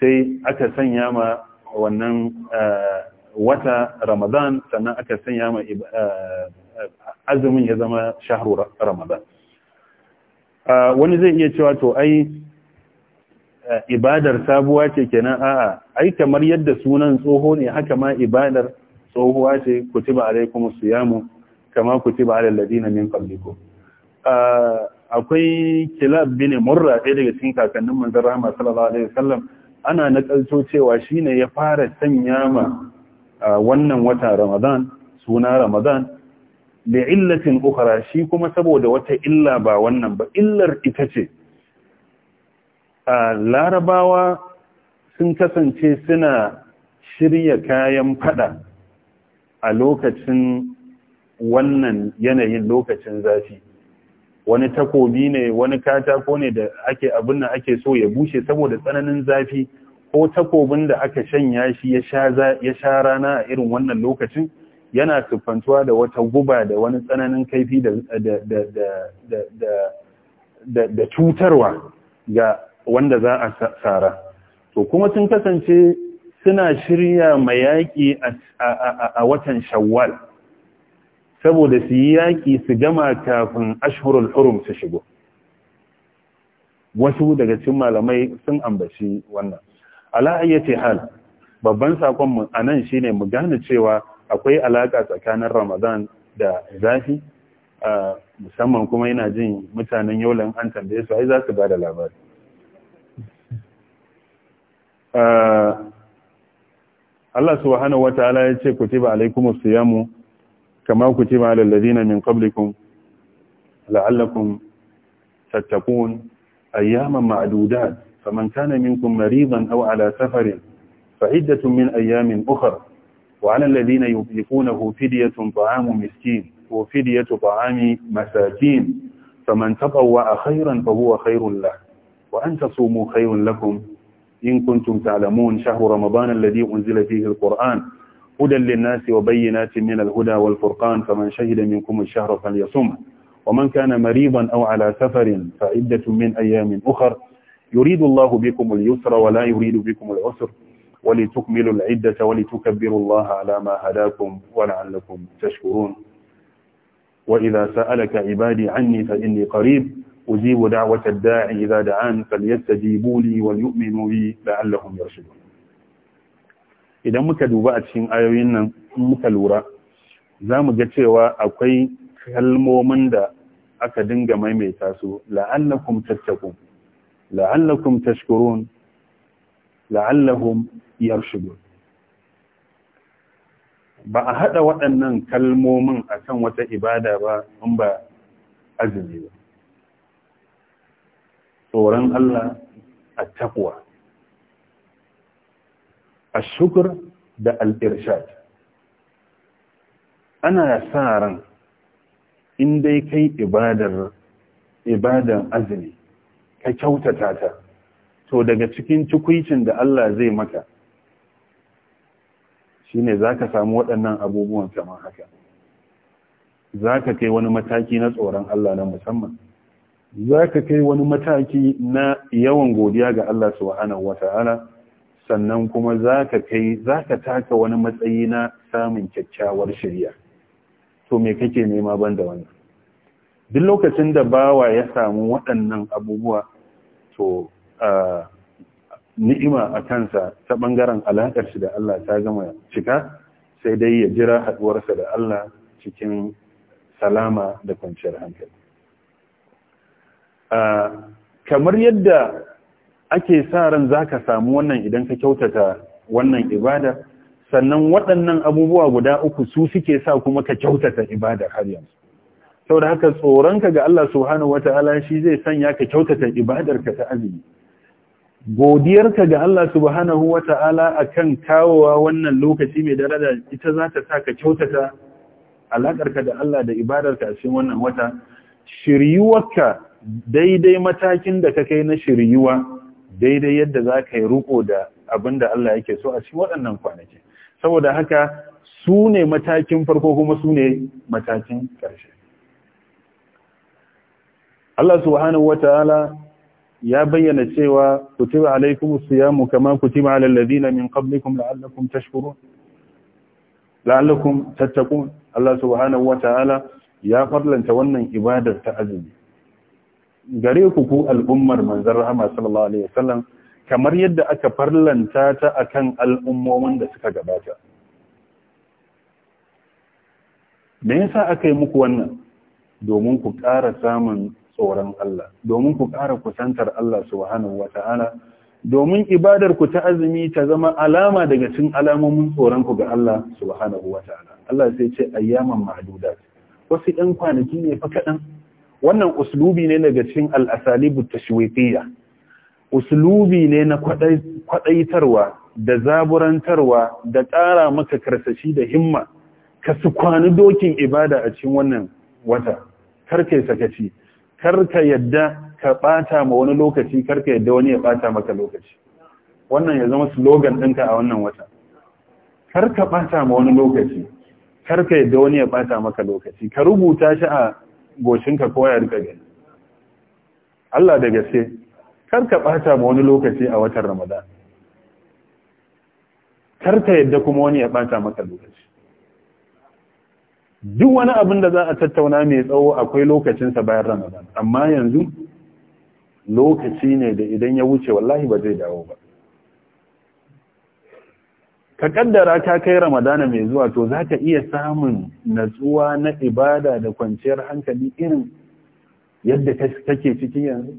S1: sai aka sanya ma wannan eh, wata ramadan sannan aka sanya ma eh, azumin ya zama shahru ramadan eh, wani zai iya cewa to ai ibadar sabuwa ce kenan a'a ai kamar yadda sunan tsoho ne haka ma ibadar tsohuwa ce kutiba su siyamu kama ba alal ladina min qablikum ah, akwai kilab bin murra ɗaya daga cikin kakannin manzon rahama sallallahu alaihi wasallam ana nakalto cewa shine ya fara sanya ma ah, wannan wata ramadan suna ramadan da illatin ukhra shi kuma saboda wata illa ba wannan ba illar ita ce ah, larabawa sun kasance suna shirya kayan fada a lokacin wannan yanayin lokacin zafi wani takobi ne wani katako ne da ake abin da ake so ya bushe saboda tsananin zafi ko takobin da aka shanya shi ya sha rana a irin wannan lokacin yana sufantuwa da wata guba da wani tsananin kaifi da cutarwa ga wanda za a tsara to kuma sun kasance suna shirya mayaki a watan shawwal saboda su yi yaƙi su gama kafin ashirin hurum su shigo wasu daga cikin malamai sun ambaci wannan ala ce hal babban sakon mu shi ne mu gane cewa akwai alaƙa tsakanin Ramadan da zafi musamman kuma yana jin mutanen yaulan an tambaye su ai za su ba da labari Allah subhanahu wataala ya ce kutiba alaikumus siyamu كما كتب على الذين من قبلكم لعلكم تتقون أياما معدودات فمن كان منكم مريضا أو على سفر فعدة من أيام أخرى وعلى الذين يطيقونه فدية طعام مسكين وفدية طعام مساكين فمن تطوع خيرا فهو خير له وأن تصوموا خير لكم إن كنتم تعلمون شهر رمضان الذي أنزل فيه القرآن هدى للناس وبينات من الهدى والفرقان فمن شهد منكم الشهر فليصمه ومن كان مريضا أو على سفر فعدة من أيام أخر يريد الله بكم اليسر ولا يريد بكم العسر ولتكملوا العدة ولتكبروا الله على ما هداكم ولعلكم تشكرون وإذا سألك عبادي عني فإني قريب أجيب دعوة الداعي إذا دعان فليستجيبوا لي وليؤمنوا بي لعلهم يرشدون idan muka duba a cikin ayoyin nan muka lura za mu ga cewa akwai kalmomin da aka dinga maimaita su la'allakum tattakun la'allakum tashkurun la'allahum yarshudun ba a haɗa waɗannan kalmomin a kan wata ibada ba in ba azumi ba tsoron Allah a takwa ashukur da al-irshad. ana sa ran in dai kai ibadar ibadan azumi ka kyautata ta to daga cikin cikuicin da Allah zai maka shine zaka samu waɗannan abubuwan kamar haka zaka kai wani mataki na tsoron Allah na musamman zaka kai wani mataki na yawan godiya ga Allah subhanahu wata'ala sannan kuma za ka kai za taka wani matsayi na samun kyakkyawar shirya to me kake nema ban da wannan duk lokacin da bawa ya samu waɗannan abubuwa to ni'ima a kansa ta ɓangaren alaƙar shi da Allah ta gama cika sai dai ya jira haɗuwarsa da Allah cikin salama da kwanciyar hankali. Kamar yadda ake sa ran za ka samu wannan idan ka kyautata wannan ibada sannan waɗannan abubuwa guda uku su suke sa kuma ka kyautata ibada har yanzu sau da haka tsoronka ga Allah subhanahu wa ta'ala shi zai sanya ka kyautata ibadarka ta azumi godiyarka ga Allah subhanahu wa ta'ala a kan kawowa wannan lokaci mai daraja ita za ta sa ka kyautata alaƙarka da Allah da ibadarka a cikin wannan wata shiryuwarka daidai matakin da ka kai na shiryuwa daidai yadda za ka yi ruko da abin da Allah yake so a ci waɗannan kwanaki saboda haka su ne matakin farko kuma su ne matakin ƙarshe Allah subhanahu wata'ala ya bayyana cewa kutiba alaikum siyamu kama kutiba alal ladina min qablikum la'allakum tashkurun la'allakum tattaqun Allah subhanahu wata'ala ya farlanta wannan ibadar ta azumi gare ku ku al'ummar manzon rahama sallallahu alaihi wasallam kamar yadda aka farlanta ta a kan al'ummomin da suka gabata me yasa aka yi muku wannan domin ku ƙara samun tsoron Allah domin ku ƙara kusantar Allah subhanahu wata'ala domin ibadar ku ta azumi ta zama alama daga cikin alamomin tsoron ku ga Allah subhanahu wata'ala Allah sai ce ayyaman ma'dudat wasu 'yan kwanaki ne fa kaɗan wannan uslubi ne daga cikin al'asalibu tashwiqiyya uslubi ne na kwadaitarwa da zaburantarwa da ƙara maka karsashi da himma ka su kwani dokin ibada a cikin wannan wata karka sakaci karka yadda ka bata ma wani lokaci karka yadda wani ya bata maka lokaci wannan ya zama slogan ɗinka a wannan wata karka bata ma wani lokaci karka yadda wani ya bata maka lokaci ka rubuta shi a goshinka ko ya rika gani Allah da gaske kar ka bata ma wani lokaci a watan Ramadan kar ka yadda kuma wani ya bata maka lokaci duk wani abin da za a tattauna mai tsawo akwai lokacinsa bayan Ramadan amma yanzu lokaci ne da idan ya wuce wallahi ba zai dawo ba ka kaddara ka kai ramadana mai zuwa to za ka iya samun natsuwa na ibada da kwanciyar hankali irin yadda kake cikin yanzu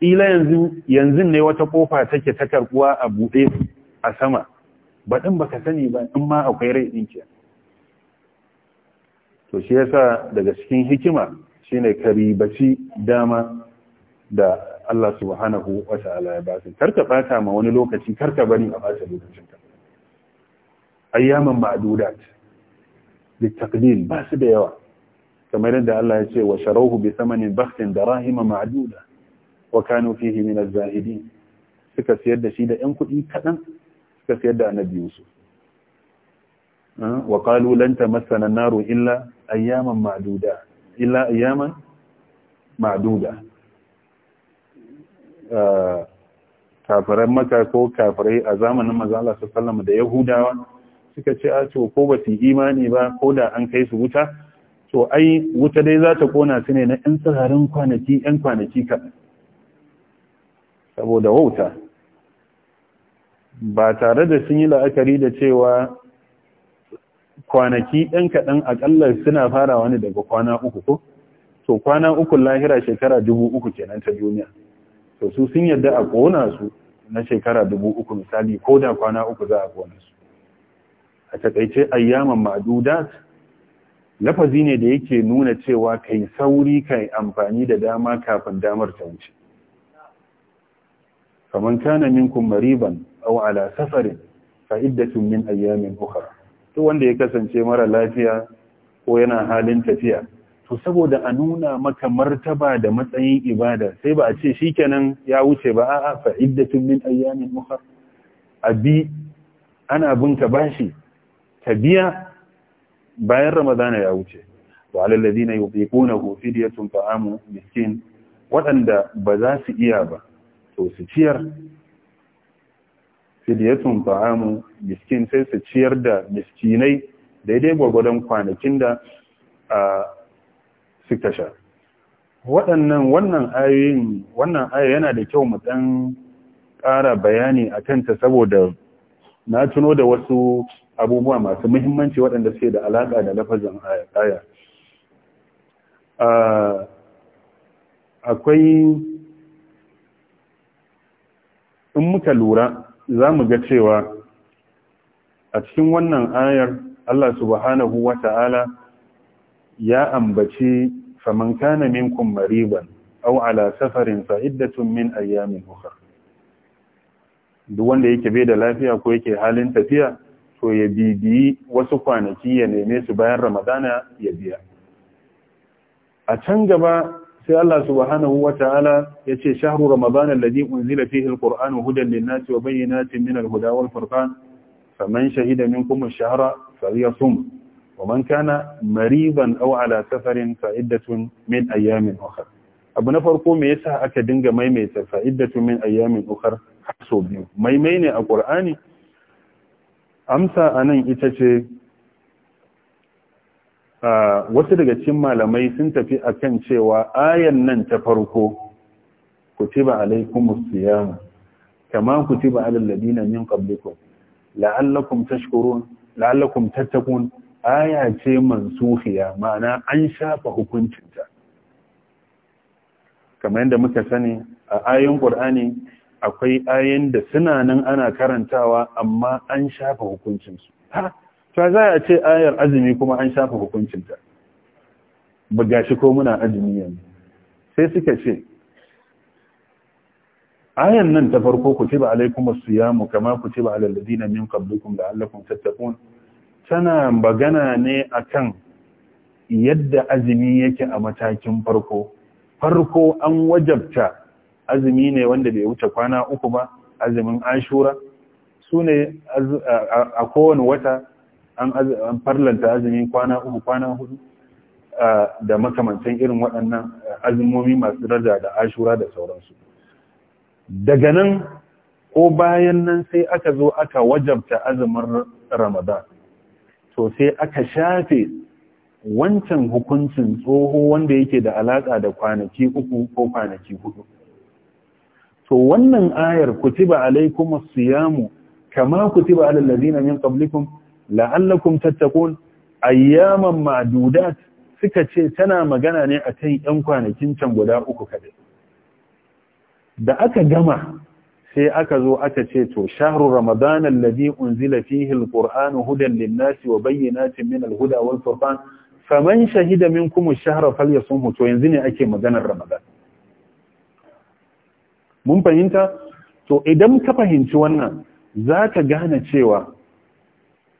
S1: Ila yanzu yanzu ne wata kofa take ta karkuwa a buɗe a sama baɗin baka sani ba in ma akwai rai ɗinki to shi yasa daga cikin hikima shine karibaci dama da Allah subhanahu wa ta'ala ya basu karka bata ma wani lokaci karka bari a bata lokacin ka ayyaman ma'dudat litaqlil ba su da yawa kamar yadda Allah ya ce wa sharawhu bi thamanin bakhtin darahima ma'duda wa kanu fihi min az-zahidin suka siyar da shi da ‘yan kuɗi kaɗan suka siyar da annabi Yusuf. Wa ƙalu lanta illa ayyaman illa ayyaman ma'aduda. kafiran maka ko kafirai a zamanin mazala su sallama da yahudawa suka ce a to ko ba su imani ba ko da an kai su wuta to ai wuta dai za ta kona su ne na yan tsararin kwanaki yan kwanaki ka saboda wauta ba tare da sun yi la'akari da cewa kwanaki ɗan kaɗan aƙalla suna fara wani daga kwana uku ko to kwana uku lahira shekara dubu uku kenan ta duniya to su sun yadda a kona su na shekara dubu uku misali ko da kwana uku za a kona su a takaice ayyaman ma'dudat lafazi ne da yake nuna cewa kai sauri kai amfani da dama kafin damar ta wuce faman kana minkum mariban aw ala safarin fa iddatun min ayyamin ukhra to wanda ya kasance mara lafiya ko yana halin tafiya to saboda a nuna maka martaba da matsayin ibada sai ba a ce shi shikenan ya wuce ba a'a fa iddatun min ayyamin ukhra abi ana binka bashi ka biya bayan ramadana ya wuce wa alal ladina yuqiqunahu fidyatun ta'amu miskin waɗanda ba za su iya ba to su ciyar fidyatun ta'amu miskin sai su ciyar da miskinai daidai gwagwadon kwanakin da 16 waɗannan wannan ayoyin wannan aya yana da kyau mu ɗan ƙara bayani a kanta saboda na tuno da wasu abubuwa masu muhimmanci waɗanda suke da alaƙa da lafazin aya akwai in muka lura za mu ga cewa a cikin wannan ayar Allah subhanahu wa ta'ala ya ambaci faman kana minkum mariban aw ala safarin fa iddatun min ayyamin ukhra duk wanda yake bai da lafiya ko yake halin tafiya to ya bibiyi wasu kwanaki ya neme su bayan ramadana ya biya a can gaba sai Allah subhanahu wata'ala ya ce shahru ramadana alladhi unzila fihi alqur'anu hudan lin-nasi wa bayyinatin min al-huda wal-furqan faman shahida minkum ash-shahra falyasum ومن كان مريضا أو على سفر فعدة من أيام أخر abu na farko me yasa aka dinga maimaita fa'iddatu min ayyamin ukhar so biyu maimai ne a qur'ani amsa anan ita ce wasu daga cikin malamai sun tafi akan cewa ayan nan ta farko kutiba alaikumus siyam kama kutiba alal ladina min qablikum la'allakum tashkurun la'allakum tattaqun aya ce mansuhiya ma'ana an shafa hukuncinta kamar yadda muka sani a ayoyin ƙur'ani akwai ayoyin da suna nan ana karantawa amma an shafa hukuncinsu ha ta za a ce ayar azumi kuma an shafa hukuncinta ba gashi ko muna azumi yanzu sai suka ce ayan nan ta farko ku ci ba alaikum siyamu kama ku ci ba alal ladina min qablikum la'allakum tattaqun tana magana ne akan yadda azumi yake a matakin farko farko an wajabta azumi ne wanda bai wuce kwana uku ba azumin ashura su ne a kowane wata an farlanta azumi kwana uku kwana hudu da makamantan irin waɗannan azumomi masu daraja da ashura da sauransu daga nan ko bayan nan sai aka zo aka wajabta azumin ramadan to sai aka shafe wancan hukuncin tsoho wanda yake da alaƙa da kwanaki uku ko kwanaki hudu
S2: to wannan
S1: ayar kutiba alaikum siyamu kama kutiba alal ladina min qablikum la'allakum tattaqun ayyaman ma'dudat suka ce tana magana ne akan yan kwanakin can guda uku kadai da aka gama sai aka zo aka ce to shahru ramadan alladhi unzila fihi alquran hudan Linnasi wa bayyinatin min alhuda wal furqan faman shahida minkum ash-shahra falyasumhu to yanzu ne ake maganar ramadan mun fahimta to idan ka fahimci wannan zaka gane cewa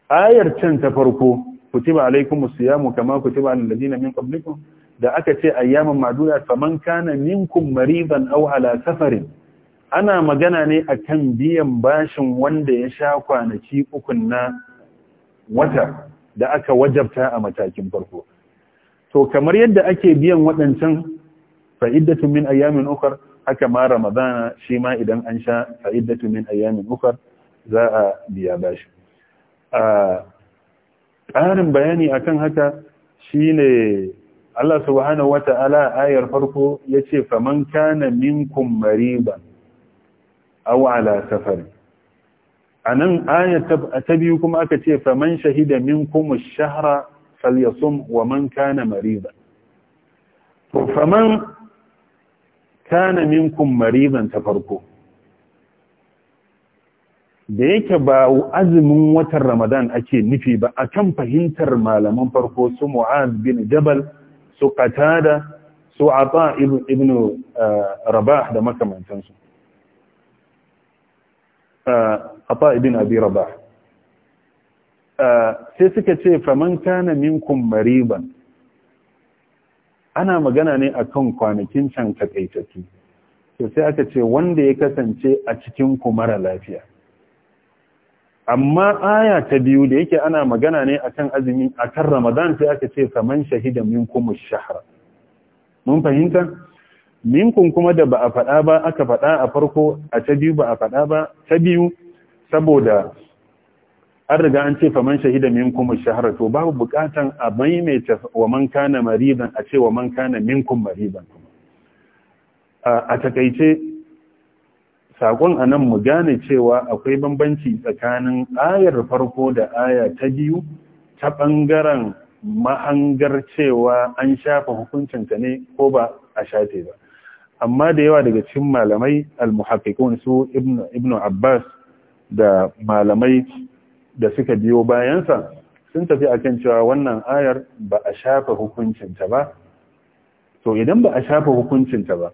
S1: ayar can ta farko kutiba alaykumus siyamu kama kutiba alal ladina min qablikum da aka ce ayyaman ma'duda faman kana minkum maridan aw ala safarin ana magana ne a kan biyan bashin wanda ya sha kwanaki ukun na wata da aka wajabta a matakin farko to kamar yadda ake biyan waɗancan fa'iddatu min ayyamin ukar haka ma ramadana shi ma idan an sha fa'iddatu min ayyamin ukar za a biya bashi ƙarin bayani akan haka shi ne Allah wata Ala ayar farko ya yace faman kana minkum mariban aw ala safari anan ayat ta biyu kuma aka ce faman shahida minkum ash-shahra falyasum wa man kana maridan to man kana minkum maridan ta farko da yake ba azumin watan Ramadan ake nufi ba akan fahimtar malaman farko su Mu'az bin Jabal su Qatada su Ata ibn eh, Rabah da makamantansu ata ibn abi rabah sai suka ce faman kana minkum mariban ana magana ne akan kwanakin can kaitaki to sai aka ce wanda ya kasance a cikin ku mara lafiya amma aya ta biyu da yake ana magana ne akan azumi akan Ramadan sai aka ce faman shahida minkum ash-shahr mun fahimta minkun kuma da ba a faɗa ba aka faɗa a farko a ta biyu ba a faɗa ba ta biyu saboda an riga an ce faman shahida minkum shahara to babu bukatan a maimaita wa man kana mariban a ce wa man kana minkum mariban? a takaice sakon a nan mu gane cewa akwai bambanci tsakanin ayar farko da aya ta biyu ta ɓangaren mahangar cewa an shafa hukuncinta ne ko ba a shafe ba amma da yawa daga cikin malamai al-muhaqqiqun su ibnu abbas da malamai da suka biyo bayansa sun tafi akan cewa wannan ayar ba a shafa hukuncinta ba to idan ba a shafa hukuncin ta ba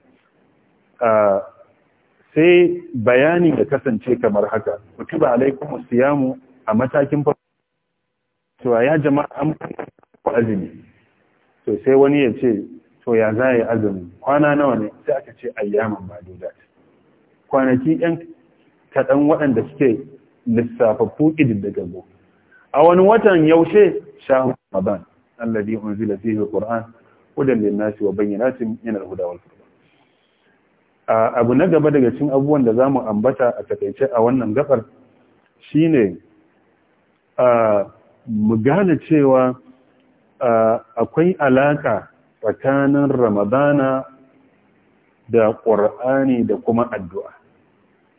S1: sai bayani da kasance kamar haka kutiba alaikum siyamu a matakin farko ya jama'a an azumi to sai wani ya ce to ya za yi azumi kwana nawa ne sai aka ce ayyaman madudat kwanaki yan kaɗan waɗanda suke lissafaffu gabo a wani watan yaushe shahun ramadan alladhi unzila fihi alquran hudan lin-nasi wa bayyinatin min al wal furqan abu na gaba daga cikin abubuwan da za mu ambata a takaice a wannan gafar shine mu gane cewa akwai alaka tsakanin ramadana da ƙur'ani da kuma addu'a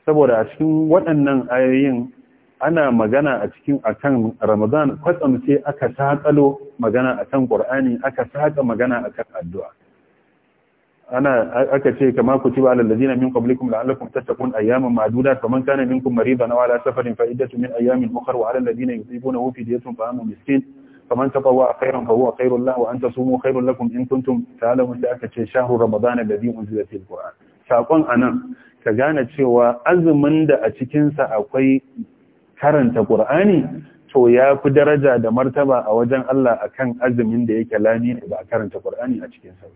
S1: saboda a cikin waɗannan ayoyin ana magana a cikin akan Ramadana, kwatsam sai aka saƙalo magana kan ƙur'ani aka saƙa magana kan addu'a ana aka ce kama ku ci ba alallazina min qablikum la'allakum tattaqun ayyaman ma'dudat faman kana minkum maridan na ala safarin fa'idatu min ayyamin ukhra wa 'ala alladhina yutiqunahu fidyatun ta'amu miskin فمن تطوع خيرا فهو خير الله وأن تصوموا خير لكم إن كنتم تعلمون لأكا شهر رمضان الذي أنزل فيه القرآن saƙon a nan ka gane cewa azumin da a cikinsa akwai karanta Kur'ani, to ya fi daraja da martaba a wajen Allah akan azumin da yake lami ba a karanta ƙur'ani a cikinsa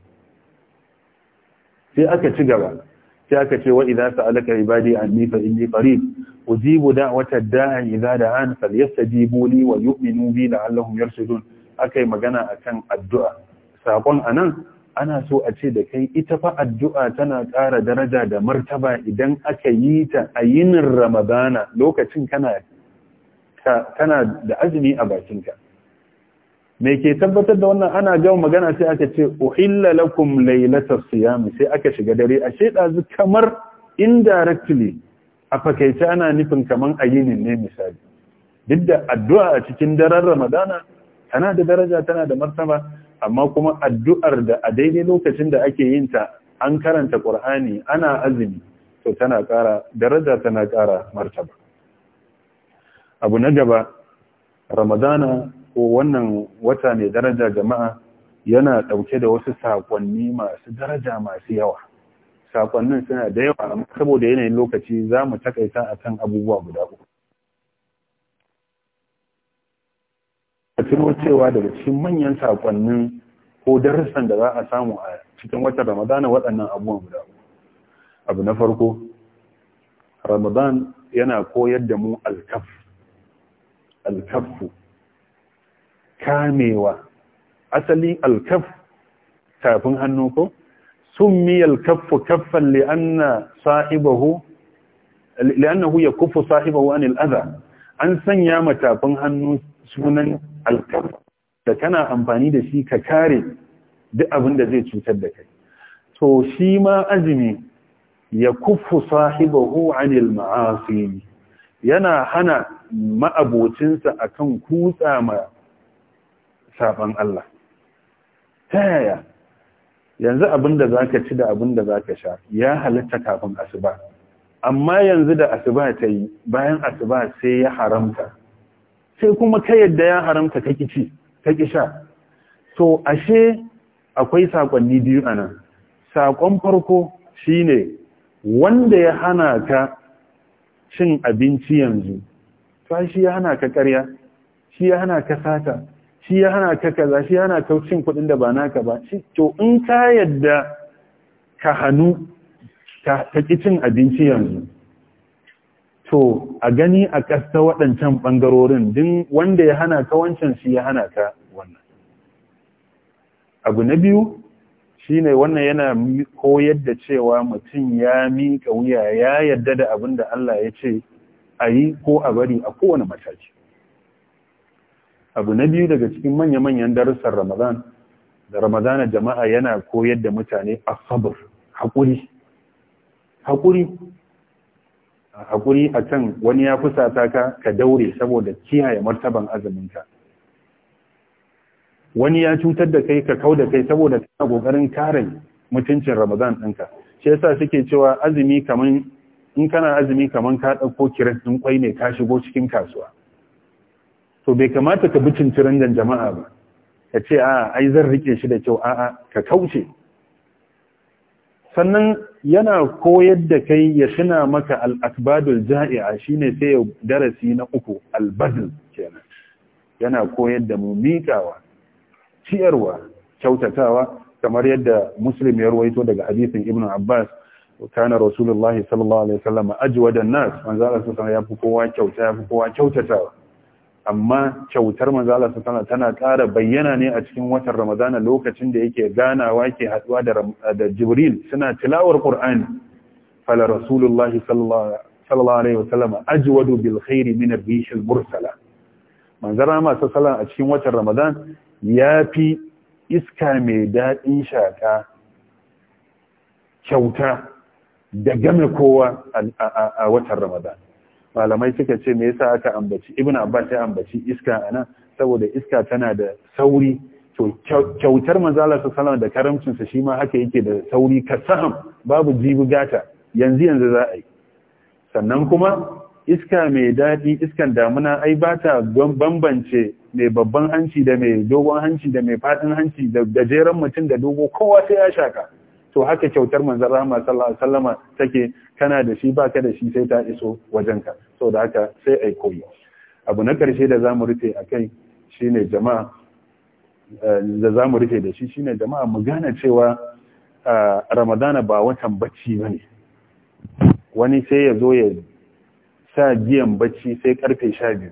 S1: sai aka ci gaba sai aka ce wa idan sa'alaka ibadi anni fa inni qarib ujibu da'watad da'i idza da'an falyastajibu li wa yu'minu bi la'allahum yarshudun akai magana akan addu'a sakon anan ana so a ce da kai ita fa addu'a tana ƙara daraja da martaba idan aka yi ta a yinin ramadana lokacin kana kana da azumi a bakinka me ke tabbatar da wannan ana gama magana sai aka ce uhilla lakum lailatas siyam sai aka shiga dare ashe ɗazu kamar indirectly a fakaice ana nufin kaman yinin ne misali duk da addu'a a cikin daren ramadana tana da daraja tana da martaba amma kuma addu'ar da a daidai lokacin da ake yin ta an karanta ƙur'ani ana azumi to tana ƙara daraja tana ƙara martaba abu na gaba ramadana ko wannan wata mai daraja jama'a yana ɗauke da wasu saƙonni masu daraja masu yawa sakonnin suna da yawa saboda yanayin lokaci za mu takaita a kan abubuwa guda uku. A tuno cewa daga cikin manyan sakonnin ko darussan da za a samu a cikin watan Ramadana waɗannan abubuwa guda uku. Abu na farko, Ramadan yana koyar da mu alkaf, alkafu, kamewa, asali alkaf tafin hannu ko? سمي الكف كفا لأن صاحبه لأنه يكف صاحبه عن الأذى an sanya matafin hannu sunan alkaf da kana amfani da shi ka kare duk abin da zai cutar da kai to shi ma azumi ya kufu sahibahu anil ma'asi yana hana ma'abocinsa akan kutsa ma saban Allah ta yaya yanzu abin da za ci da abin da ka sha ya halitta kafin asuba amma yanzu da asuba ta yi bayan asuba sai ya haramta sai kuma ka yadda ya haramta kake ci ki sha to ashe akwai sakonni biyu a nan. sakon farko shi ne wanda ya hana ka cin abinci yanzu Ta shi ya hana ka ƙarya shi ya hana ka sata shi ya hana ka kaza shi hana ka cin kuɗin da ba naka ba shi to in ka yadda ka hanu, ka ƙi cin abinci yanzu to a gani a ƙasta waɗancan ɓangarorin din wanda ya hana ka wancan shi ya hana ka wannan abu na biyu shi ne wannan yana koyar da cewa mutum ya mika wuya ya yadda da abin da Allah ya ce a yi ko a bari a kowane mataki abu na biyu daga cikin manya-manyan darussan ramadan da ramadana jama'a yana koyar da mutane a sabar haƙuri haƙuri a can wani ya fusata ka ka daure saboda kiyaye martaban azuminka wani ya cutar da kai ka kau da kai saboda kana ƙoƙarin kare mutuncin ramadan ɗinka shi yasa suke cewa azumi kamar in kana azumi kamar ka ɗauko kiran ɗin kwai ne ka shigo cikin kasuwa to bai kamata ka bi cincirin jama'a ba ka ce a ai zan rike shi da kyau a'a ka kauce sannan yana koyar da kai ya shina maka al'akbadul ja'i'a shine sai darasi na uku albadul kenan yana koyar da mu miƙawa ciyarwa kyautatawa kamar yadda muslim ya ruwaito daga hadisin ibnu abbas kana rasulullahi sallallahu alaihi wasallam ajwadan nas manzo Allah sallallahu alaihi wasallam ya fi kowa kyauta ya fi kowa kyautatawa amma kyautar manzo Allah sallallahu tana ƙara bayyana ne a cikin watan Ramadana lokacin da yake ganawa ke haɗuwa da Jibril suna tilawar ƙur'ani fala rasulullahi sallallahu alaihi wasallam ajwadu bil khairi min ar mursala manzo Allah a cikin watan Ramadan fi iska mai daɗin shata, kyauta da game kowa a watan Ramadan malamai suka ce me yasa aka ambaci ibnu abbas ya ambaci iska anan saboda iska tana da sauri to kyautar manzala su da karamcinsa shi ma haka yake da sauri ka saham babu jibi gata yanzu yanzu za a yi sannan kuma iska mai daɗi iskan damuna ai ba ta bambance mai babban hanci da mai dogon hanci da mai faɗin hanci da gajeren mutum da dogo kowa sai ya shaka to haka kyautar manzon rahama sallallahu alaihi wasallama take kana da shi baka da shi sai ta iso wajenka saboda haka sai ai koyi abu na karshe da zamu rufe akai shine jama'a eh, da zamu rufe da shi shine jama'a mu gane cewa eh, ramadana ba watan bacci bane wani sai ya zo ya sa giyan bacci sai karfe 12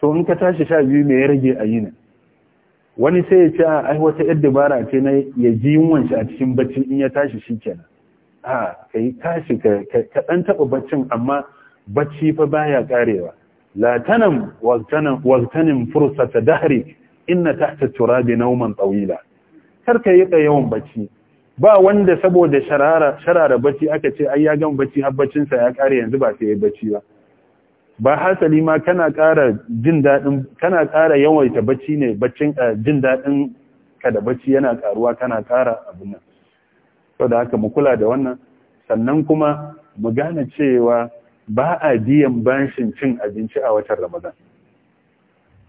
S1: to in ka tashi 12 me ya rage a yinin wani sai ya ce a ah, ai wata yar dabara ce na ya ji yunwan shi a cikin baccin in ya tashi shi kenan. a ah, kai tashi ka ɗan taɓa baccin amma bacci fa baya karewa la fursa ta dahari fursata ta ta tura turabi nauman tsawila. kar ka yi yawan bacci ba wanda saboda sharara bacci aka ce ai ya gan bacci har baccinsa ya ƙare yanzu ba sai ya bacci ba ba hasali ma kana ƙara jin daɗin kana ƙara yawaita bacci ne baccin eh, jin daɗin ka da bacci yana ƙaruwa kana ƙara abin nan saboda haka mu kula da wannan sannan kuma mu gane cewa ba a biyan bashin cin abinci a watan Ramadan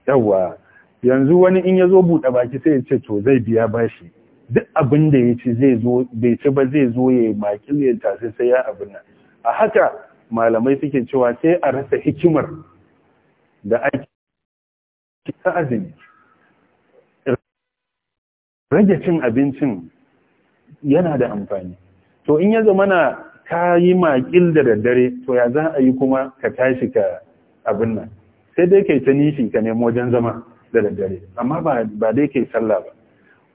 S1: yawa yanzu wani in ya zo buɗe baki sai ya ce to zai biya bashi duk abin da ya ci zai zo bai ci ba zai zo ya makil ya tasi sai ya abin nan a haka malamai suke cewa sai a rasa hikimar da ake ta azumi rage cin abincin yana da amfani to in ya zama na ka yi makil da daddare to ya za a yi kuma ka tashi ka abin nan sai dai kai ta nishi ka nemo wajen zama da daddare amma ba dai kai sallah ba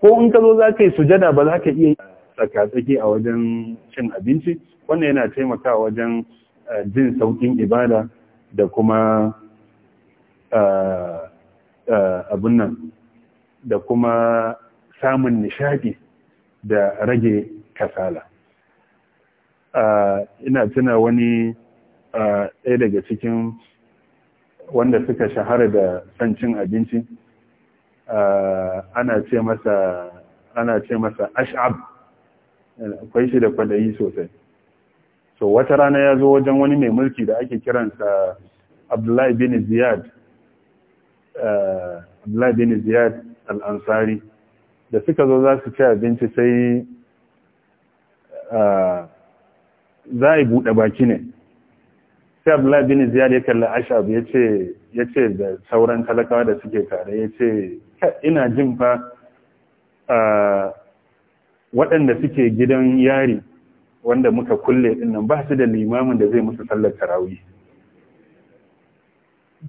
S1: ko in ka zo za ka yi sujada ba za ka iya tsaka-tsaki a wajen cin abinci wannan yana taimakawa wajen Eh, jin saukin ibada da kuma eh, eh, abun nan da kuma samun nishadi da rage kasala ina tuna wani ɗaya daga cikin wanda suka shahara da son cin abinci ana ce masa ana ce masa ash'ab akwai shi da kwadayi sosai to wata rana ya zo wajen wani mai mulki da ake kiransa abdullahi bin ziyad eh, abdullahi bin ziyad al'ansari da suka zo za su ci abinci sai eh, za a yi buɗe baki ne sai abdullahi bin ziyad ya kalli ashab ya ce da sauran talakawa da suke tare ya ce ina jin fa eh, waɗanda suke gidan yari wanda muka kulle din nan ba su da limamin da zai musu sallar tarawih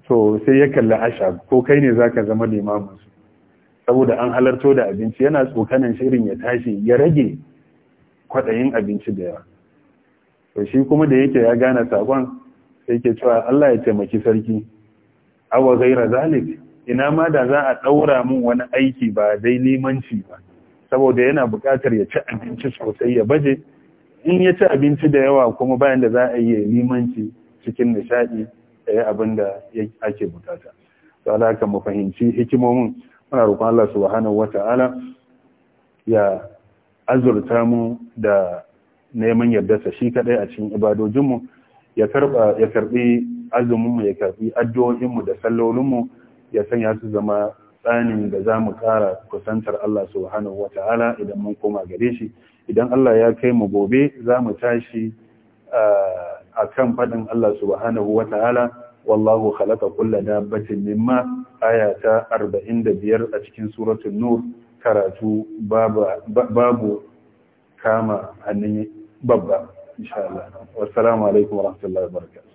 S1: to sai ya kalla asha ko kai ne zaka zama limamin su saboda an halarto da abinci yana tsokanan shirin ya tashi ya rage kwaɗayin abinci da yawa to shi kuma da yake ya gane sakon sai ke cewa Allah ya taimaki sarki awa gaira zalik ina ma da za a daura mun wani aiki ba dai limanci ba saboda yana bukatar ya ci abinci sosai ya baje in ya ci abinci da yawa kuma bayan da za a yi limanci cikin nishaɗi da ya abin da ake bukata a laka mu fahimci hikimomin muna roƙon Allah wahana wata'ala ya azurta mu da neman yardarsa shi kaɗai a cikin ibadojinmu ya karba ya karɓi azumin ya karɓi addu'o'in da sallolinmu ya sanya su zama tsanin da za mu ƙara kusantar Allah wahana wata'ala idan mun koma gare shi idan Allah ya kai mu gobe za mu tashi a kan faɗin Allah subhanahu wa ta'ala wallahu halaka kulla dabbatin ayata arba'in ta biyar a cikin suratul nur karatu babu
S2: kama hannun babba insha Allah wassalamu alaikum warahmatullahi wabarakatuh